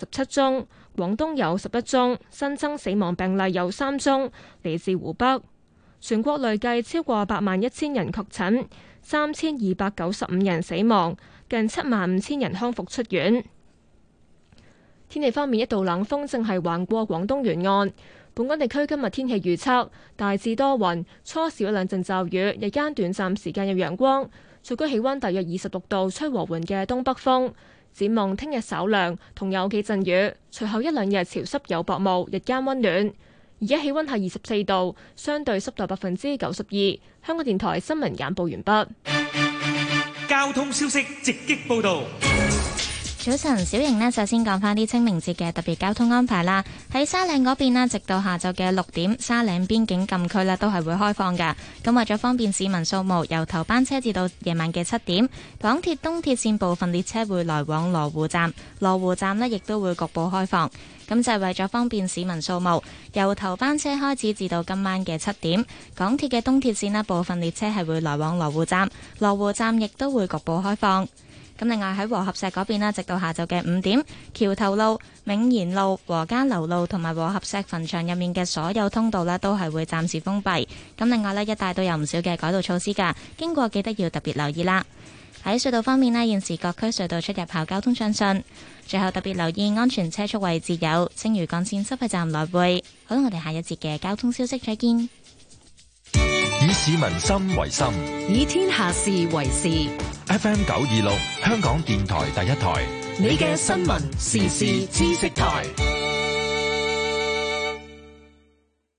十七宗，廣東有十一宗新增死亡病例有，有三宗嚟自湖北。全國累計超過八萬一千人確診，三千二百九十五人死亡，近七萬五千人康復出院。天氣方面，一道冷鋒正係橫過廣東沿岸。本港地區今日天，天氣預測大致多雲，初時有兩陣驟雨，日間短暫時間有陽光，最高氣温大約二十六度，吹和緩嘅東北風。展望聽日稍涼，同有幾陣雨，隨後一兩日潮濕有薄霧，日間溫暖。而家氣溫係二十四度，相對濕度百分之九十二。香港電台新聞簡報完畢。交通消息直擊報導。早晨，小瑩呢，首先講翻啲清明節嘅特別交通安排啦。喺沙嶺嗰邊呢，直到下晝嘅六點，沙嶺邊境禁區呢，都係會開放㗎。咁為咗方便市民掃墓，由頭班車至到夜晚嘅七點，港鐵東鐵綫部分列車會來往羅湖站，羅湖站呢亦都會局部開放。咁就係為咗方便市民掃墓，由頭班車開始至到今晚嘅七點，港鐵嘅東鐵綫呢部分列車係會來往羅湖站，羅湖站亦都會局部開放。咁另外喺和合石嗰邊啦，直到下晝嘅五點，橋頭路、銘賢路、和家樓路同埋和合石墳場入面嘅所有通道啦，都係會暫時封閉。咁另外咧一帶都有唔少嘅改道措施噶，經過記得要特別留意啦。喺隧道方面咧，現時各區隧道出入口交通暢順。最後特別留意安全車速位置，有青嶼幹線收費站來回。好，我哋下一節嘅交通消息再見。以市民心為心，以天下事為事。FM 九二六，香港電台第一台。你嘅新聞時事知識台。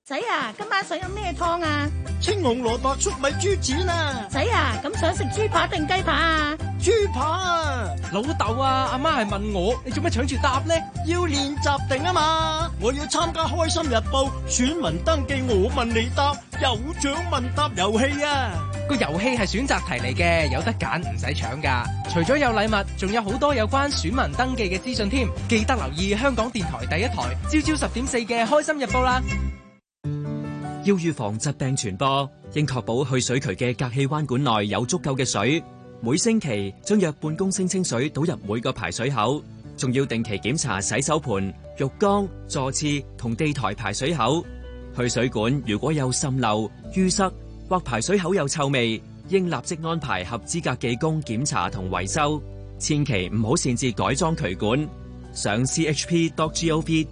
仔啊，今晚想飲咩湯啊？青紅蘿蔔粟米豬展啊！仔啊，咁想食豬扒定雞扒啊？豬扒啊，老豆啊，阿媽係問我，你做咩搶住答呢？要練習定啊嘛，我要參加《開心日報》選民登記，我問你答，有獎問答遊戲啊！個遊戲係選擇題嚟嘅，有得揀，唔使搶噶。除咗有禮物，仲有好多有關選民登記嘅資訊添，記得留意香港電台第一台朝朝十點四嘅《開心日報》啦。要預防疾病傳播，應確保去水渠嘅隔氣彎管內有足夠嘅水。每星期將約半公升清水倒入每個排水口，仲要定期檢查洗手盆、浴缸、坐廁同地台排水口。去水管如果有滲漏、淤塞或排水口有臭味，應立即安排合資格技工檢查同維修。千祈唔好擅自改裝渠管。上 chp.gov.hk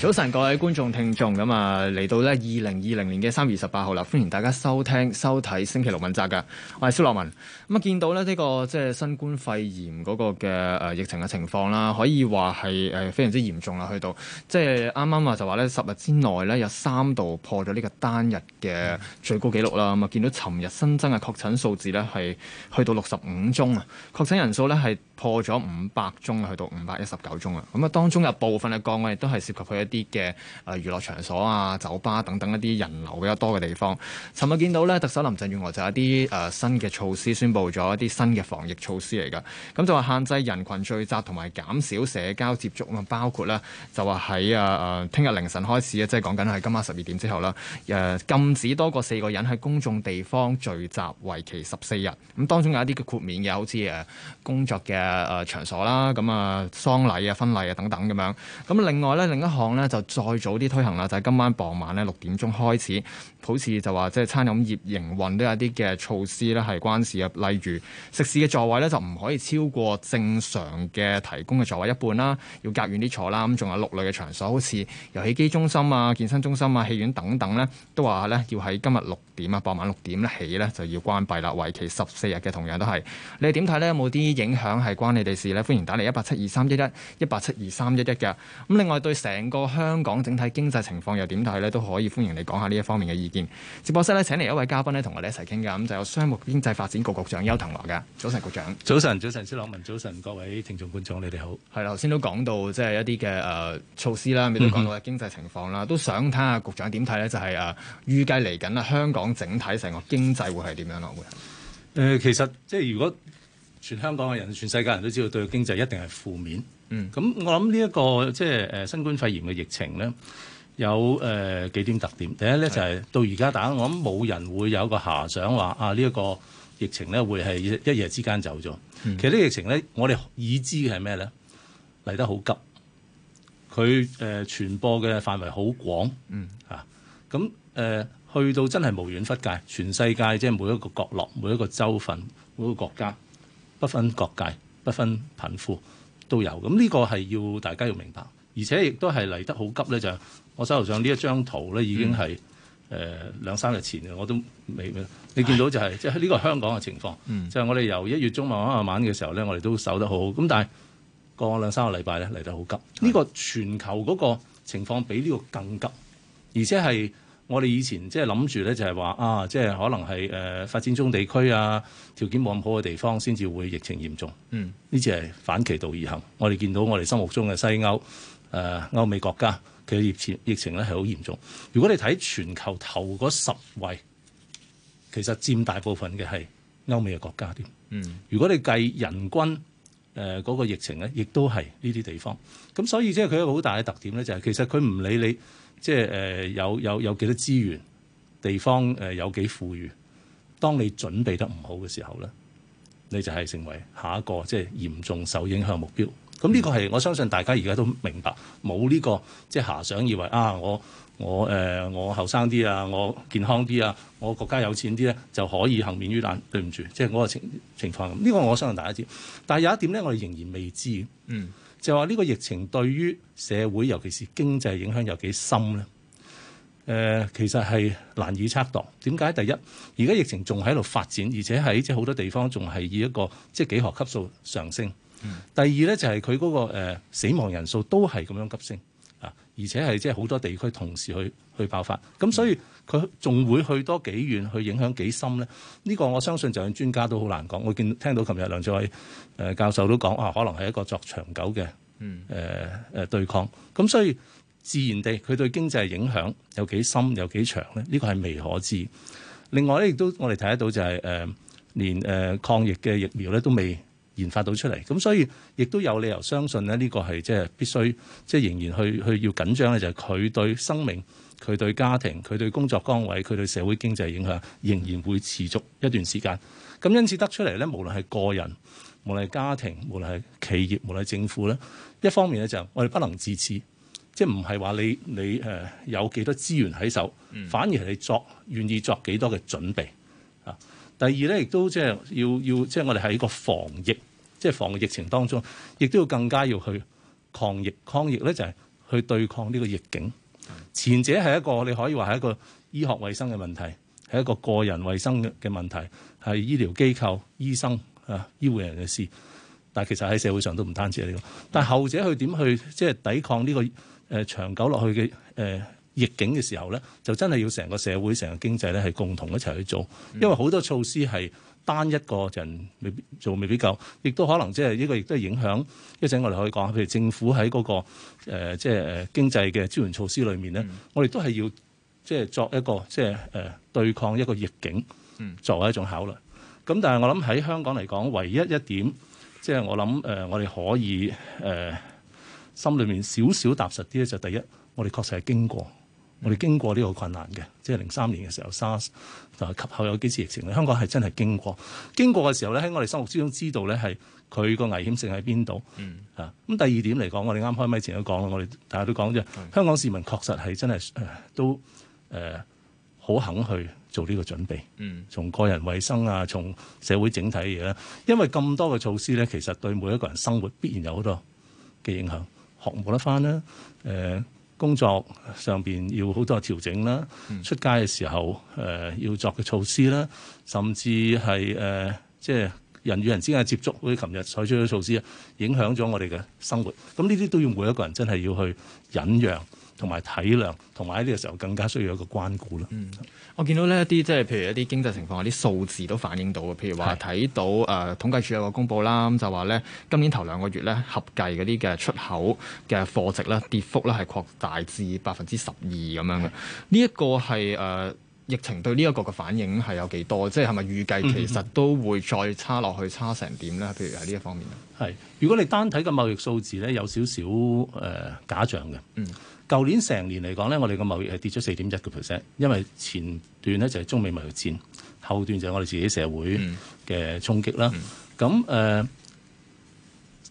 早晨，各位觀眾、聽眾，咁啊嚟到咧二零二零年嘅三月十八號啦！歡迎大家收聽、收睇《星期六問責》噶，我係蕭諾文。咁啊，見到咧、這、呢個即係新冠肺炎嗰個嘅誒、呃、疫情嘅情況啦，可以話係誒非常之嚴重啦，去到即係啱啱啊就話咧十日之內咧有三度破咗呢個單日嘅最高紀錄啦。咁啊、嗯，見到尋日新增嘅確診數字咧係去到六十五宗啊，確診人數咧係破咗五百宗去到五百一十九宗啊。咁啊，當中有部分嘅個案亦都係涉及佢一啲嘅誒娛樂場所啊、酒吧等等一啲人流比較多嘅地方。尋日見到咧，特首林鄭月娥就有啲誒、呃、新嘅措施宣布。做咗一啲新嘅防疫措施嚟噶，咁就話限制人群聚集同埋減少社交接觸啊，包括啦，就話喺啊啊聽日凌晨開始啊，即係講緊，係今晚十二點之後啦，誒禁止多過四個人喺公眾地方聚集，為期十四日。咁當中有一啲嘅豁免嘅，好似誒、呃、工作嘅誒、呃、場所啦，咁啊喪禮啊、婚禮啊等等咁樣，咁另外咧另一項咧就再早啲推行啦，就係今晚傍晚咧六點鐘開始。好似就話即係餐飲業營運都有啲嘅措施咧，係關事嘅。例如食肆嘅座位咧就唔可以超過正常嘅提供嘅座位一半啦，要隔遠啲坐啦。咁仲有六類嘅場所，好似遊戲機中心啊、健身中心啊、戲院等等咧，都話咧要喺今日六點啊，傍晚六點起咧就要關閉啦，為期十四日嘅，同樣都係。你點睇咧？有冇啲影響係關你哋事咧？歡迎打嚟一八七二三一一一八七二三一一嘅。咁另外對成個香港整體經濟情況又點睇咧？都可以歡迎你講下呢一方面嘅意見。直播室呢，請嚟一位嘉賓呢，同我哋一齊傾偈，咁就有商務經濟發展局局長邱騰華嘅。早晨，局長。早晨，早晨，薛朗文，早晨，各位聽眾觀眾，你哋好。係啦，頭先都講到，即係一啲嘅誒措施啦，都講到嘅經濟情況啦，嗯、都想睇下局長點睇呢？就係誒預計嚟緊啊，香港整體成個經濟會係點樣咯？會誒、呃，其實即係如果全香港嘅人、全世界人都知道，對經濟一定係負面。嗯。咁我諗呢一個即係誒新冠肺炎嘅疫情呢。有誒、呃、幾點特點？第一咧就係、是、到而家大家我諗冇人會有一個遐想話啊，呢、這、一個疫情咧會係一夜之間走咗。嗯、其實呢疫情咧，我哋已知嘅係咩咧？嚟得好急，佢誒、呃、傳播嘅範圍好廣。嗯啊，咁誒、呃、去到真係無遠弗屆，全世界即係每一個角落、每一個州份、每一個國家，不分國界、不分貧富都有。咁呢個係要大家要明白，而且亦都係嚟得好急咧，就。我手頭上呢一張圖咧，已經係誒兩三日前嘅，嗯、我都未咩。你見到就係即係呢個香港嘅情況，嗯、就係我哋由一月中慢慢慢嘅時候咧，我哋都守得好好。咁但係過兩三個禮拜咧，嚟得好急。呢、呢個全球嗰個情況比呢個更急，而且係我哋以前即係諗住咧，就係話啊，即係可能係誒發展中地區啊，條件冇咁好嘅地方先至會疫情嚴重。嗯，呢次係反其道而行。我哋見到我哋心目中嘅西歐誒、呃、歐美國家。其實疫情疫情咧係好嚴重。如果你睇全球頭嗰十位，其實佔大部分嘅係歐美嘅國家啲。嗯，如果你計人均誒嗰、呃嗰個疫情咧，亦都係呢啲地方。咁所以即係佢一個好大嘅特點咧、就是，就係其實佢唔理你即係誒有有有幾多資源，地方誒有幾富裕。當你準備得唔好嘅時候咧，你就係成為下一個即係、就是、嚴重受影響目標。咁呢個係我相信大家而家都明白，冇呢個即係遐想，以為啊，我我誒、呃、我後生啲啊，我健康啲啊，我國家有錢啲咧，就可以幸免於難。對唔住，即係嗰個情情況。呢個我相信大家知，但係有一點咧，我哋仍然未知嘅，嗯、就話呢個疫情對於社會，尤其是經濟影響有幾深咧？誒、呃，其實係難以測度。點解？第一，而家疫情仲喺度發展，而且喺即係好多地方仲係以一個即係幾何級數上升。第二咧就係佢嗰個死亡人數都係咁樣急升啊，而且係即係好多地區同時去去爆發，咁所以佢仲會去多幾遠，去影響幾深咧？呢個我相信就算專家都好難講。我見聽到琴日梁卓偉誒教授都講，哇、啊，可能係一個作長久嘅誒誒對抗，咁所以自然地佢對經濟嘅影響有幾深，有幾長咧？呢個係未可知。另外咧，亦都我哋睇得到就係誒連誒抗疫嘅疫苗咧都未研發到出嚟，咁所以亦都有理由相信咧，呢個係即係必須，即係仍然去去要緊張嘅，就係、是、佢對生命、佢對家庭、佢對工作崗位、佢對社會經濟影響，仍然會持續一段時間。咁因此得出嚟咧，無論係個人、無論係家庭、無論係企業、無論係政府咧，一方面咧就係我哋不能自持，即係唔係話你你誒有幾多資源喺手，反而係你作願意作幾多嘅準備啊。第二咧亦都即係要要即係、就是、我哋喺個防疫。即係防疫情當中，亦都要更加要去抗疫。抗疫咧就係去對抗呢個逆境。前者係一個你可以話係一個醫學衛生嘅問題，係一個個人衛生嘅問題，係醫療機構、醫生啊、醫護人嘅事。但係其實喺社會上都唔單止係呢個。但係後者去點去即係抵抗呢個誒長久落去嘅誒逆境嘅時候咧，就真係要成個社會、成個經濟咧係共同一齊去做，因為好多措施係。單一個人未必做，未必夠，亦都可能即係呢個亦都係影響。一陣我哋可以講，譬如政府喺嗰、那個即係誒經濟嘅支援措施裏面咧，嗯、我哋都係要即係作一個即係誒對抗一個逆境作為一種考慮。咁、嗯、但係我諗喺香港嚟講，唯一一點即係、就是、我諗誒、呃，我哋可以誒、呃、心裡面少少踏實啲咧，就係、第一，我哋確實係經過。 我哋經過呢個困難嘅，即係零三年嘅時候，SARS，及後有幾次疫情，香港係真係經過。經過嘅時候咧，喺我哋生活之中知道咧係佢個危險性喺邊度。嗯、啊。嚇，咁第二點嚟講，我哋啱開咪前都講啦，我哋大家都講啫。香港市民確實係真係誒、呃、都誒好、呃、肯去做呢個準備。嗯。從個人衞生啊，從社會整體嘢咧、啊，因為咁多嘅措施咧，其實對每一個人生活必然有好多嘅影響，學冇得返啦。誒、呃。工作上面要好多調整啦，出街嘅時候、呃、要作嘅措施啦，甚至係誒、呃、即係人與人之間嘅接觸，好似琴日採取嘅措施啊，影響咗我哋嘅生活。咁呢啲都要每一個人真係要去忍讓。同埋體量，同埋喺呢個時候更加需要一個關顧啦。嗯，我見到呢一啲即係譬如一啲經濟情況、啲數字都反映到嘅，譬如話睇到誒是、呃、統計處有個公佈啦，咁就話咧今年頭兩個月咧合計嗰啲嘅出口嘅貨值咧跌幅咧係擴大至百分之十二咁樣嘅。呢一是個係誒、呃、疫情對呢一個嘅反應係有幾多？即係係咪預計其實都會再差落去，差成點咧？譬如喺呢一方面咧，如果你單睇嘅貿易數字咧，有少少誒假象嘅。嗯。舊年成年嚟講咧，我哋個貿易係跌咗四點一個 percent，因為前段咧就係中美貿易戰，後段就係我哋自己社會嘅衝擊啦。咁誒、嗯呃、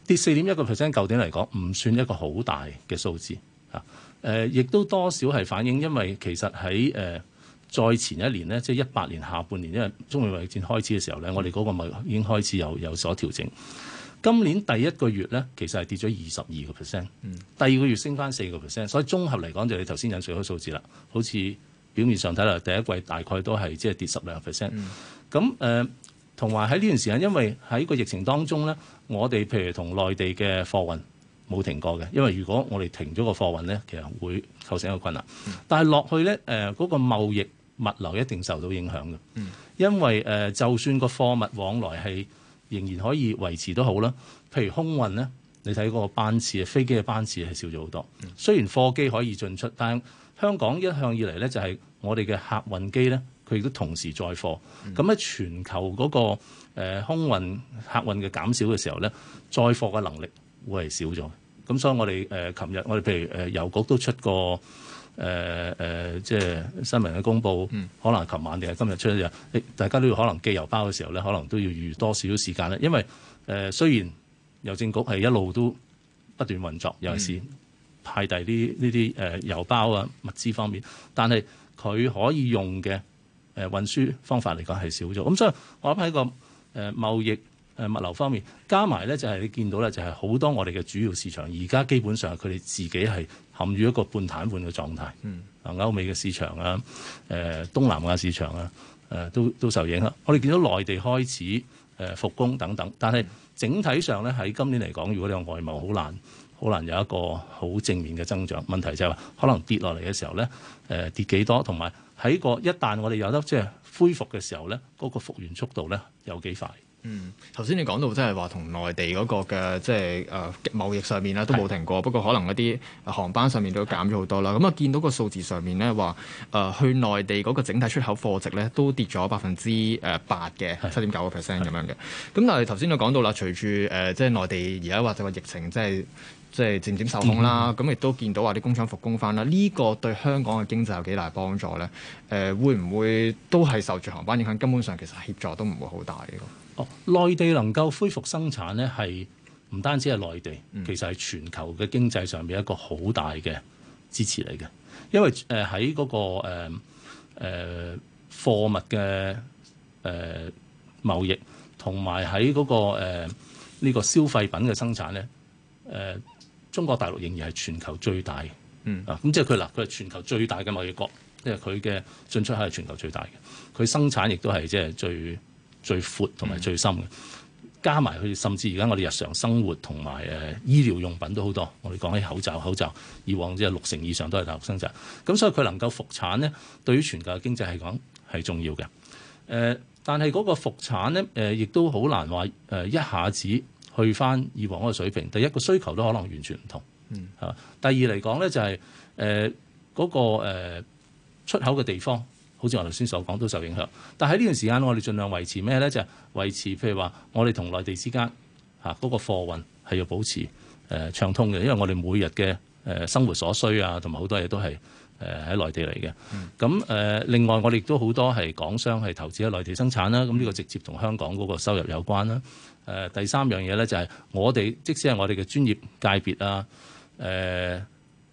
跌四點一個 percent，舊年嚟講唔算一個好大嘅數字嚇。誒、呃，亦都多少係反映，因為其實喺誒、呃、再前一年咧，即係一八年下半年，因為中美貿易戰開始嘅時候咧，我哋嗰個貿易已經開始有有所調整。今年第一個月咧，其實係跌咗二十二個 percent，第二個月升翻四個 percent，所以綜合嚟講就係你頭先引述嗰個數字啦。好似表面上睇嚟，第一季大概都係即係跌十兩個 percent。咁誒、嗯呃，同埋喺呢段時間，因為喺個疫情當中咧，我哋譬如同內地嘅貨運冇停過嘅，因為如果我哋停咗個貨運咧，其實會構成一個困難。嗯、但係落去咧誒，嗰、呃那個貿易物流一定受到影響嘅，因為誒、呃，就算個貨物往來係，仍然可以維持都好啦。譬如空運呢，你睇嗰個班次啊，飛機嘅班次係少咗好多。雖然貨機可以進出，但係香港一向以嚟呢，就係我哋嘅客運機呢，佢亦都同時載貨。咁喺全球嗰個、呃、空運客運嘅減少嘅時候呢，載貨嘅能力會係少咗。咁所以我哋誒琴日我哋譬如誒郵、呃、局都出個。誒誒、呃呃，即係新聞嘅公佈，嗯、可能琴晚定係今日出咗嘢，誒，大家都要可能寄郵包嘅時候咧，可能都要預多少少時間咧？因為誒、呃，雖然郵政局係一路都不斷運作，尤其是派遞啲呢啲誒郵包啊、物資方面，但係佢可以用嘅誒運輸方法嚟講係少咗。咁所以我諗喺個誒貿易誒物流方面，加埋咧就係你見到咧，就係、是、好多我哋嘅主要市場，而家基本上佢哋自己係。陷於一個半癱瘓嘅狀態，啊，歐美嘅市場啊，誒，東南亞市場啊，誒，都都受影響。我哋見到內地開始誒復工等等，但係整體上咧喺今年嚟講，如果你話外貿好難，好難有一個好正面嘅增長。問題就係話可能跌落嚟嘅時候咧，誒跌幾多，同埋喺個一旦我哋有得即係恢復嘅時候咧，嗰個復原速度咧有幾快？嗯，頭先你講到，即係話同內地嗰個嘅，即係誒貿易上面咧都冇停過。是的 不過可能嗰啲航班上面都減咗好多啦。咁啊，見到個數字上面咧話誒去內地嗰個整體出口貨值咧都跌咗百分之誒八嘅七點九個 percent 咁樣嘅。咁是的 但係頭先你講到啦，是的 隨住誒、呃、即係內地而家或就話疫情，即係即係漸漸受控啦。咁亦、嗯、都見到話啲工廠復工翻啦。呢、呢個對香港嘅經濟有幾大幫助咧？誒、呃、會唔會都係受住航班影響？根本上其實協助都唔會好大呢？哦、內地能夠恢復生產呢，係唔單止係內地，其實係全球嘅經濟上面一個好大嘅支持嚟嘅。因為誒喺嗰個誒誒、呃、貨物嘅誒、呃、貿易，同埋喺嗰個呢、呃呢個消費品嘅生產呢誒、呃、中國大陸仍然係全球最大嘅。嗯啊，咁即係佢嗱，佢係全球最大嘅貿易國，即係佢嘅進出口係全球最大嘅，佢生產亦都係即係最。最闊同埋最深嘅，加埋佢甚至而家我哋日常生活同埋誒醫療用品都好多。我哋講起口罩，口罩以往只係六成以上都係大陸生產，咁所以佢能夠復產呢，對於全球經濟係講係重要嘅、呃。但係嗰個復產呢，亦、呃、都好難話一下子去翻以往嗰個水平。第一個需求都可能完全唔同，嗯吓。第二嚟講呢，就係、呃、嗰個、呃、出口嘅地方。好似我頭先所講都受影響，但喺呢段時間，我哋盡量維持咩呢？就係、是、維持，譬如話我哋同內地之間嚇嗰個貨運係要保持誒暢通嘅，因為我哋每日嘅誒生活所需啊，同埋好多嘢都係誒喺內地嚟嘅。咁誒、嗯呃、另外，我哋亦都好多係港商係投資喺內地生產啦。咁呢個直接同香港嗰個收入有關啦。誒、呃、第三樣嘢呢，就係我哋即使係我哋嘅專業界別啊，誒、呃、誒、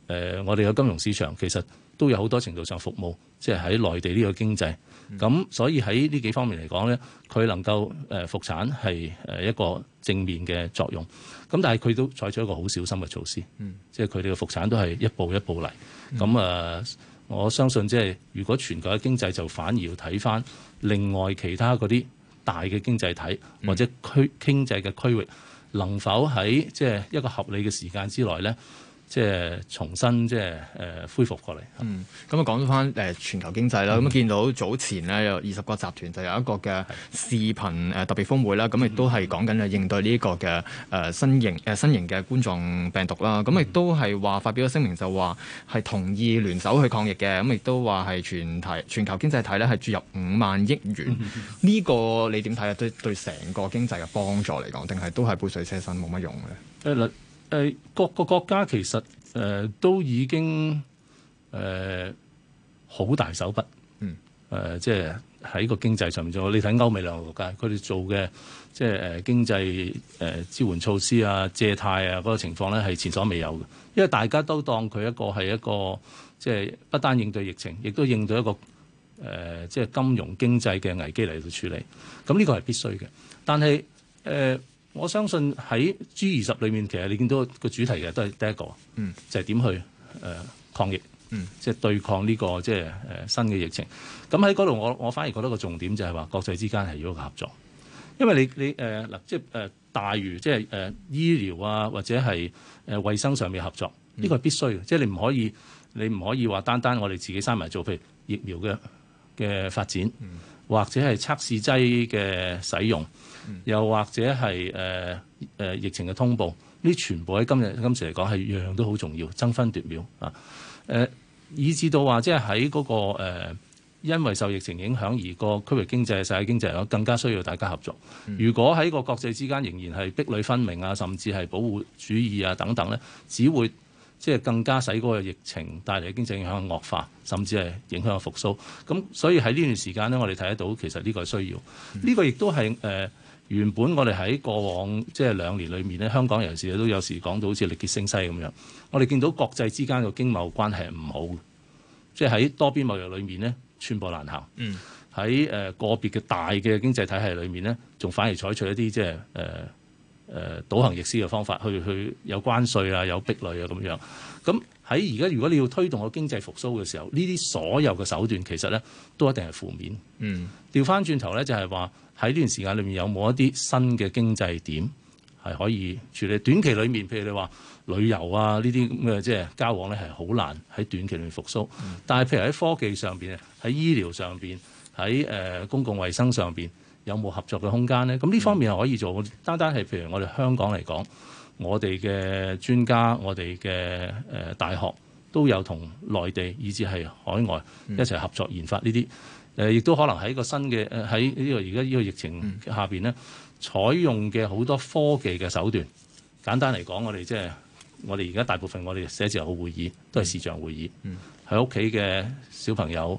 呃、我哋嘅金融市場其實。都有好多程度上服務，即係喺內地呢個經濟，咁所以喺呢幾方面嚟講咧，佢能夠誒復產係誒一個正面嘅作用，咁但係，佢都採取一個好小心嘅措施，嗯，即係，佢哋嘅復產都係一步一步嚟，咁啊，嗯，呃，我相信即係，如果全球嘅經濟就反而要睇翻另外其他嗰啲大嘅經濟體或者區經濟嘅區域，能否喺即係一個合理嘅時間之內咧？即係重新即係誒恢復過嚟。嗯，咁啊講翻誒全球經濟啦。咁啊、嗯、見到早前呢，有二十個集團就有一個嘅視頻誒特別峰會啦。咁亦都係講緊啊應對呢個嘅誒新型誒新型嘅冠狀病毒啦。咁亦、嗯、都係話發表咗聲明就話係同意聯手去抗疫嘅。咁亦都話係全體全球經濟體咧係注入五萬億元。呢、嗯嗯、個你點睇啊？對對成個經濟嘅幫助嚟講，定係都係杯水車薪冇乜用嘅。呃誒，各個國家其實誒、呃、都已經誒好、呃、大手筆，嗯、呃，誒即係喺個經濟上面做，你睇歐美兩個國家，佢哋做嘅即係誒經濟誒、呃、支援措施啊、借貸啊嗰、嗰個情況咧係前所未有嘅，因為大家都當佢一個係一個即係不單應對疫情，亦都應對一個誒、呃、即係金融經濟嘅危機嚟到處理，咁呢個係必須嘅，但係誒。呃我相信喺 G 二十裏面，其實你見到個主題嘅都係第一個，就係點去誒抗疫，即係對抗呢個即係誒新嘅疫情。咁喺嗰度，我我反而覺得個重點就係話國際之間係要一個合作，因為你你誒嗱，即係誒大於即係誒醫療啊，或者係誒衞生上面合作，呢個係必須嘅。即係你唔可以，你唔可以話單單我哋自己生埋做，譬如疫苗嘅嘅發展，或者係測試劑嘅使用。又或者係誒誒疫情嘅通報，呢全部喺今日今時嚟講係樣樣都好重要，爭分奪秒啊！誒、呃，以至到話即係喺嗰個、呃、因為受疫情影響而個區域經濟、世界經濟嚟講更加需要大家合作。如果喺個國際之間仍然係壁壘分明啊，甚至係保護主義啊等等呢，只會即係更加使嗰個疫情帶嚟嘅經濟影響惡化，甚至係影響個復甦。咁所以喺呢段時間呢，我哋睇得到其實呢個係需要，呢、呢個亦都係誒。呃原本我哋喺過往即係兩年裏面咧，香港人士都有時講到好似力竭聲嘶咁樣。我哋見到國際之間嘅經貿關係唔好，即係喺多邊貿易裏面呢，寸步難行。喺誒個別嘅大嘅經濟體系裏面呢，仲反而採取一啲即係誒誒倒行逆施嘅方法去去有關稅啊，有壁壘啊咁樣。咁喺而家如果你要推動個經濟復甦嘅時候，呢啲所有嘅手段其實呢，都一定係負面。調翻轉頭呢，就係話。喺呢段時間裏面有冇一啲新嘅經濟點係可以處理？短期裏面，譬如你話旅遊啊呢啲咁嘅，即係交往咧係好難喺短期裡面復甦。但係譬如喺科技上邊、喺醫療上邊、喺誒公共衛生上邊有冇合作嘅空間咧？咁呢方面係可以做。單單係譬如我哋香港嚟講，我哋嘅專家、我哋嘅誒大學都有同內地以至係海外一齊合作研發呢啲。誒，亦、呃、都可能喺個新嘅誒，喺、呃、呢個而家呢個疫情下邊咧，採用嘅好多科技嘅手段。簡單嚟講，就是，我哋即係我哋而家大部分我哋寫字樓會議都係視像會議，喺屋企嘅小朋友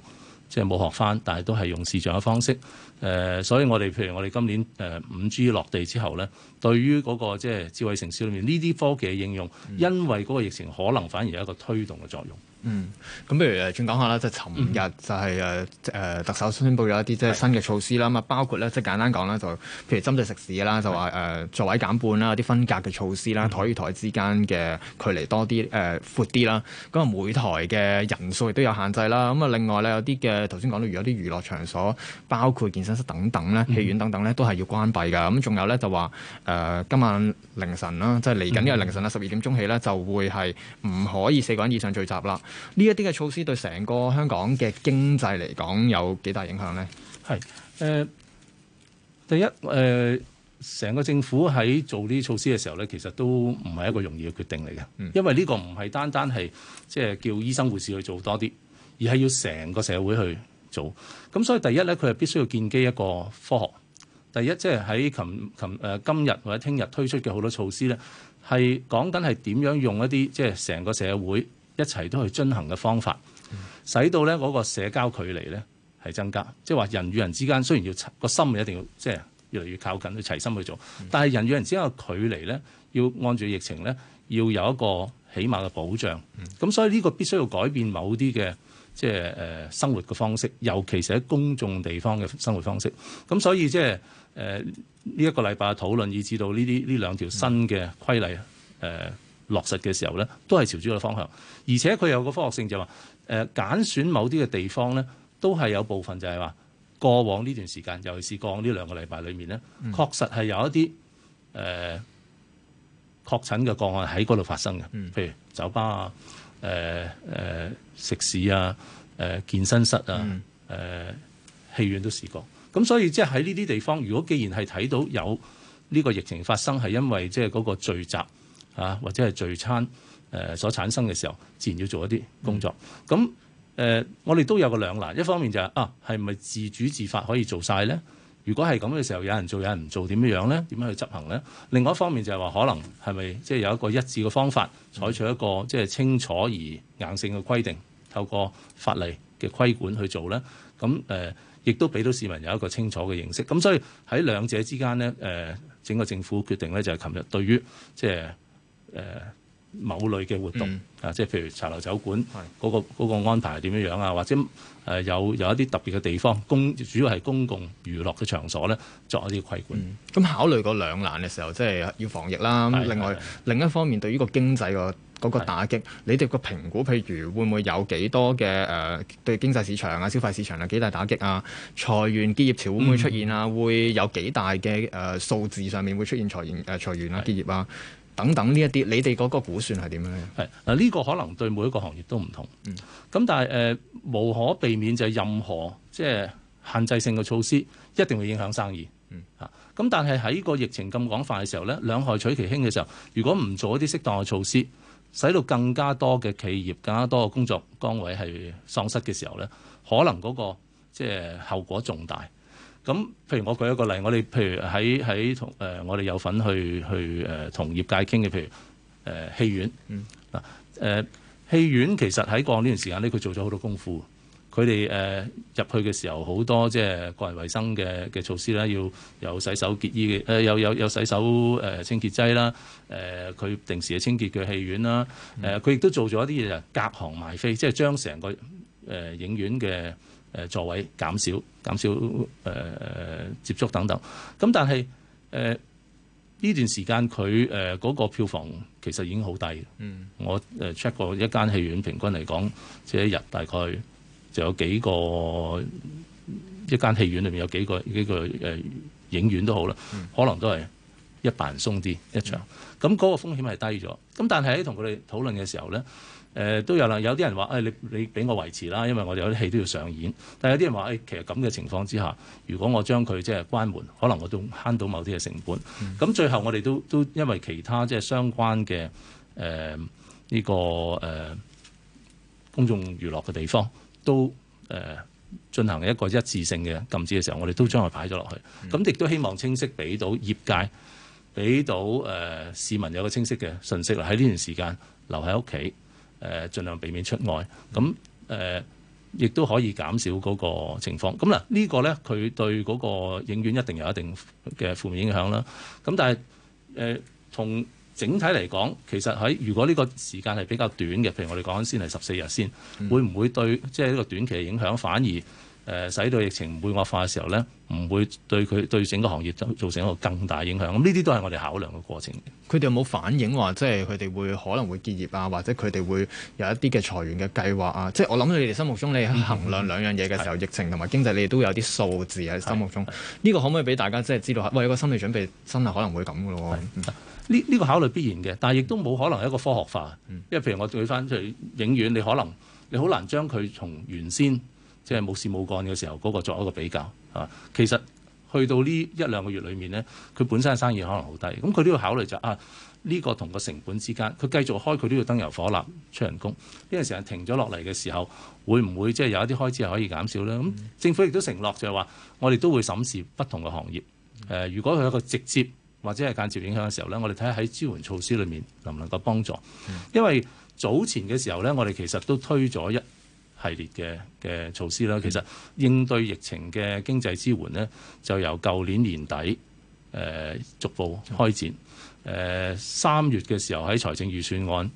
即係冇學返，但係都係用視像嘅方式。誒、呃，所以我哋譬如我哋今年誒五 G 落地之後咧，對於嗰個即係智慧城市裏面呢啲科技嘅應用，因為嗰個疫情可能反而有一個推動嘅作用。嗯，咁不如誒轉講下啦，就係尋日就係誒誒特首宣布咗一啲即係新嘅措施啦，咁啊的包括咧即係簡單講咧，就譬如針對食肆啦，就話誒的、呃、座位減半啦，啲分隔嘅措施啦，嗯、台與台之間嘅距離多啲誒、呃、闊啲啦，咁啊每台嘅人數亦都有限制啦，咁啊另外咧有啲嘅頭先講到，如有啲娛樂場所，包括健身室等等咧，嗯、戲院等等咧都係要關閉㗎，咁仲有咧就話誒、呃、今晚凌晨啦，即係嚟緊呢個凌晨啦，十二點鐘起咧、嗯、就會係唔可以四個人以上聚集啦。呢一啲嘅措施對成個香港嘅經濟嚟講有幾大影響呢？係誒第一誒，成、呃、個政府喺做呢啲措施嘅時候呢，其實都唔係一個容易嘅決定嚟嘅，嗯、因為呢個唔係單單係即係叫醫生護士去做多啲，而係要成個社會去做。咁所以第一呢，佢係必須要建基一個科學。第一在，即係喺琴琴誒今日或者聽日推出嘅好多措施呢，係講緊係點樣用一啲即係成個社會。一齊都去進行嘅方法，使到咧嗰個社交距離咧係增加，即係話人與人之間雖然要個心，一定要即係越嚟越靠近去齊心去做，嗯、但係人與人之間嘅距離咧，要按住疫情咧，要有一個起碼嘅保障。咁、嗯、所以呢個必須要改變某啲嘅即係生活嘅方式，尤其是喺公眾地方嘅生活方式。咁所以即係誒呢一個禮拜討論，以至到呢啲呢兩條新嘅規例、呃落實嘅時候咧，都係朝住個方向，而且佢有個科學性就係話，誒、呃、揀選某啲嘅地方咧，都係有部分就係話，過往呢段時間，尤其是過往呢兩個禮拜裡面咧，確實係有一啲誒、呃、確診嘅個案喺嗰度發生嘅，譬如酒吧啊、誒、呃、誒、呃、食肆啊、誒、呃、健身室啊、誒、呃、戲院都試過。咁所以即係喺呢啲地方，如果既然係睇到有呢個疫情發生，係因為即係嗰個聚集。啊，或者係聚餐所產生嘅時候，自然要做一啲工作。咁誒、嗯呃，我哋都有個兩難，一方面就係、是、啊，係咪自主自發可以做晒呢？如果係咁嘅時候，有人做有人唔做，點樣樣呢？點樣去執行呢？另外一方面就係、是、話，可能係咪即係有一個一致嘅方法，嗯、採取一個即係清楚而硬性嘅規定，透過法例嘅規管去做呢？咁誒，亦、呃、都俾到市民有一個清楚嘅認識。咁所以喺兩者之間呢、呃，整個政府決定呢，就係琴日對於即係。誒、呃、某類嘅活動、嗯、啊，即係譬如茶樓酒館嗰是、嗰個嗰個安排係點樣樣啊？或者誒、呃、有有一啲特別嘅地方公主要係公共娛樂嘅場所咧，作一啲規管。咁、嗯、考慮個兩難嘅時候，即係要防疫啦。的另外的另一方面，對於個經濟個。嗰個打擊，是你哋個評估，譬如會唔會有幾多嘅誒、呃、對經濟市場啊、消費市場啊幾大打擊啊？裁員結業潮會唔會出現啊？嗯、會有幾大嘅誒、呃、數字上面會出現裁員裁員是啊、結業啊等等呢一啲，是你哋嗰個估算係點樣呢？係嗱，呢、這個可能對每一個行業都唔同，嗯咁，但係誒、呃、無可避免就係任何即係、就是、限制性嘅措施一定會影響生意，嗯咁、啊。但係喺個疫情咁廣泛嘅時候呢，兩害取其輕嘅時候，如果唔做一啲適當嘅措施。使到更加多嘅企業，更加多嘅工作崗位係喪失嘅時候咧，可能嗰、那個即係、就是、後果重大。咁，譬如我舉一個例，我哋譬如喺喺同誒我哋有份去去誒、呃、同業界傾嘅，譬如誒、呃、戲院，嗱誒、嗯呃、戲院其實喺過往呢段時間咧，佢做咗好多功夫。佢哋誒入去嘅時候，好多即係個人衞生嘅嘅措施啦，要有洗手潔衣嘅，誒有有有洗手誒清潔劑啦。誒、呃，佢定時嘅清潔嘅戲院啦。誒、呃，佢亦都做咗一啲嘢，隔行買飛，即係將成個誒影院嘅誒座位減少減少誒誒、呃、接觸等等。咁但係誒呢段時間佢誒嗰個票房其實已經好低。嗯，我誒 check 過一間戲院平均嚟講，即一日大概。就有幾個一間戲院裏面有幾個幾個誒影院都好啦，可能都係一百人鬆啲一場，咁，嗰個風險係低咗。咁但係喺同佢哋討論嘅時候咧，誒、呃、都有啦。有啲人話：誒、哎、你你俾我維持啦，因為我哋有啲戲都要上演。但係有啲人話：誒、哎、其實咁嘅情況之下，如果我將佢即係關門，可能我都慳到某啲嘅成本。咁最後我哋都都因為其他即係相關嘅誒呢個誒、呃、公眾娛樂嘅地方。都誒、呃、進行一個一致性嘅禁止嘅時候，我哋都將佢擺咗落去。咁亦都希望清晰俾到業界，俾到誒、呃、市民有個清晰嘅信息啦。喺呢段時間留喺屋企，誒、呃、盡量避免出外。咁誒、呃、亦都可以減少嗰個情況。咁嗱，呢個呢，佢對嗰個影院一定有一定嘅負面影響啦。咁但係誒同，呃整體嚟講，其實喺如果呢個時間係比較短嘅，譬如我哋講先係十四日先，會唔會對即係呢個短期嘅影響反而？誒使、呃、到疫情唔會惡化嘅時候咧，唔會對佢對整個行業造成一個更大影響。咁呢啲都係我哋考量嘅過程。佢哋有冇反映話，即係佢哋會可能會結業啊，或者佢哋會有一啲嘅裁員嘅計劃啊？即係我諗喺你哋心，的心目中，你衡量兩樣嘢嘅時候，疫情同埋經濟，你哋都有啲數字喺心目中。呢個可唔可以俾大家即係知道？喂，有個心理準備，真係可能會咁嘅咯。呢呢的、嗯、個考慮必然嘅，但係亦都冇可能係一個科學化。嗯、因為譬如我對翻出嚟影院，你可能你好難將佢從原先。即係冇事冇幹嘅時候，嗰個作一個比較啊。其實去到呢一兩個月裡面呢，佢本身生意可能好低。咁佢都要考慮就啊，呢個同個成本之間，佢繼續開，佢都要燈油火蠟出人工。呢個時間停咗落嚟嘅時候，會唔會即係有一啲開支係可以減少呢？咁政府亦都承諾就係話，我哋都會審視不同嘅行業。誒，如果佢有一個直接或者係間接影響嘅時候呢，我哋睇下喺支援措施裡面能唔能夠幫助。因為早前嘅時候呢，我哋其實都推咗一。系列嘅嘅措施啦，其實應對疫情嘅經濟支援呢，就由舊年年底逐步開展。三月嘅時候喺財政預算案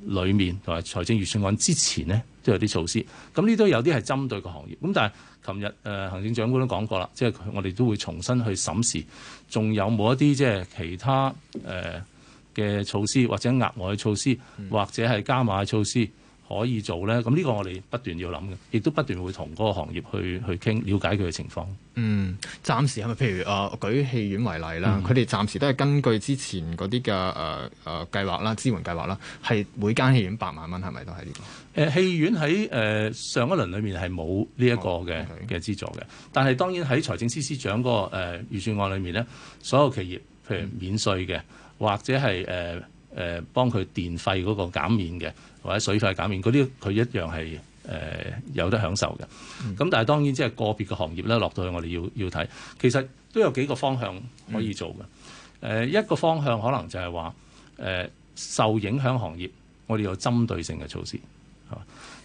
裏面，同埋財政預算案之前呢，都有啲措施。咁呢都有啲係針對個行業，咁但係琴日行政長官都講過啦，即係我哋都會重新去審視，仲有冇一啲即係其他誒嘅措施，或者額外嘅措施，或者係加碼嘅措施。可以做咧，咁呢個我哋不斷要諗嘅，亦都不斷會同嗰個行業去去傾，了解佢嘅情況。嗯，暫時係咪？譬如誒、呃，舉戲院為例啦，佢哋、嗯、暫時都係根據之前嗰啲嘅誒誒計劃啦，支援計劃啦，係每間戲院八萬蚊，係咪都係呢、這個？誒、呃、戲院喺誒、呃、上一輪裏面係冇呢一個嘅嘅資助嘅，哦 okay、但係當然喺財政司司長個誒、呃、預算案裏面咧，所有企業譬如免稅嘅，嗯、或者係誒誒幫佢電費嗰個減免嘅。或者水費減免嗰啲，佢一樣係誒、呃、有得享受嘅。咁但係當然即係個別嘅行業咧，落到去，去我哋要要睇，其實都有幾個方向可以做嘅。誒、嗯呃、一個方向可能就係話誒受影響行業，我哋有針對性嘅措施啊。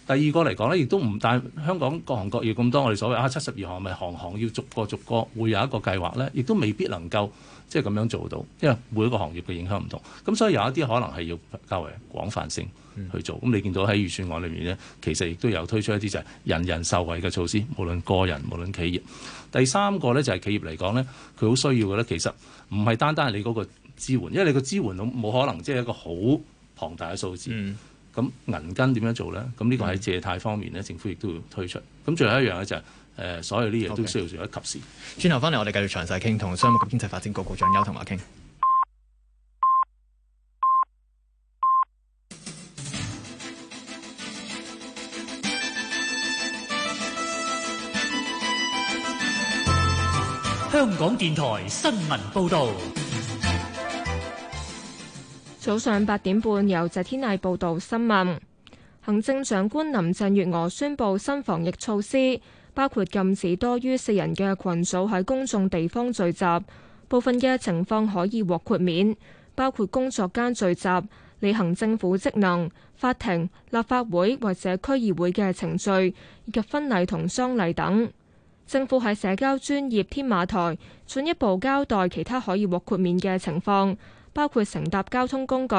第二個嚟講咧，亦都唔但香港各行各業咁多，我哋所謂啊七十二行咪行行要逐個逐個會有一個計劃咧，亦都未必能夠即係咁樣做到，因為每一個行業嘅影響唔同，咁所以有一啲可能係要較為廣泛性。嗯、去做，咁你見到喺預算案裏面呢，其實亦都有推出一啲就係人人受惠嘅措施，無論個人，無論企業。第三個呢，就係、是、企業嚟講呢，佢好需要嘅呢，其實唔係單單係你嗰個支援，因為你個支援都冇可能即係一個好龐大嘅數字。咁、嗯、銀根點樣做呢？咁呢個喺借貸方面呢，嗯、政府亦都會推出。咁最後一樣呢，就係、是、誒、呃，所有呢嘢都需要做得及時。轉頭翻嚟，我哋繼續詳細傾，同商務及經濟發展局局長邱騰華傾。香港電台新聞報道，早上八點半由謝天麗報道新聞。行政長官林鄭月娥宣布新防疫措施，包括禁止多於四人嘅群組喺公眾地方聚集，部分嘅情況可以獲豁免，包括工作間聚集、履行政府職能、法庭、立法會或者區議會嘅程序以及婚禮同喪禮等。政府喺社交專業天馬台進一步交代其他可以獲豁免嘅情況，包括乘搭交通工具、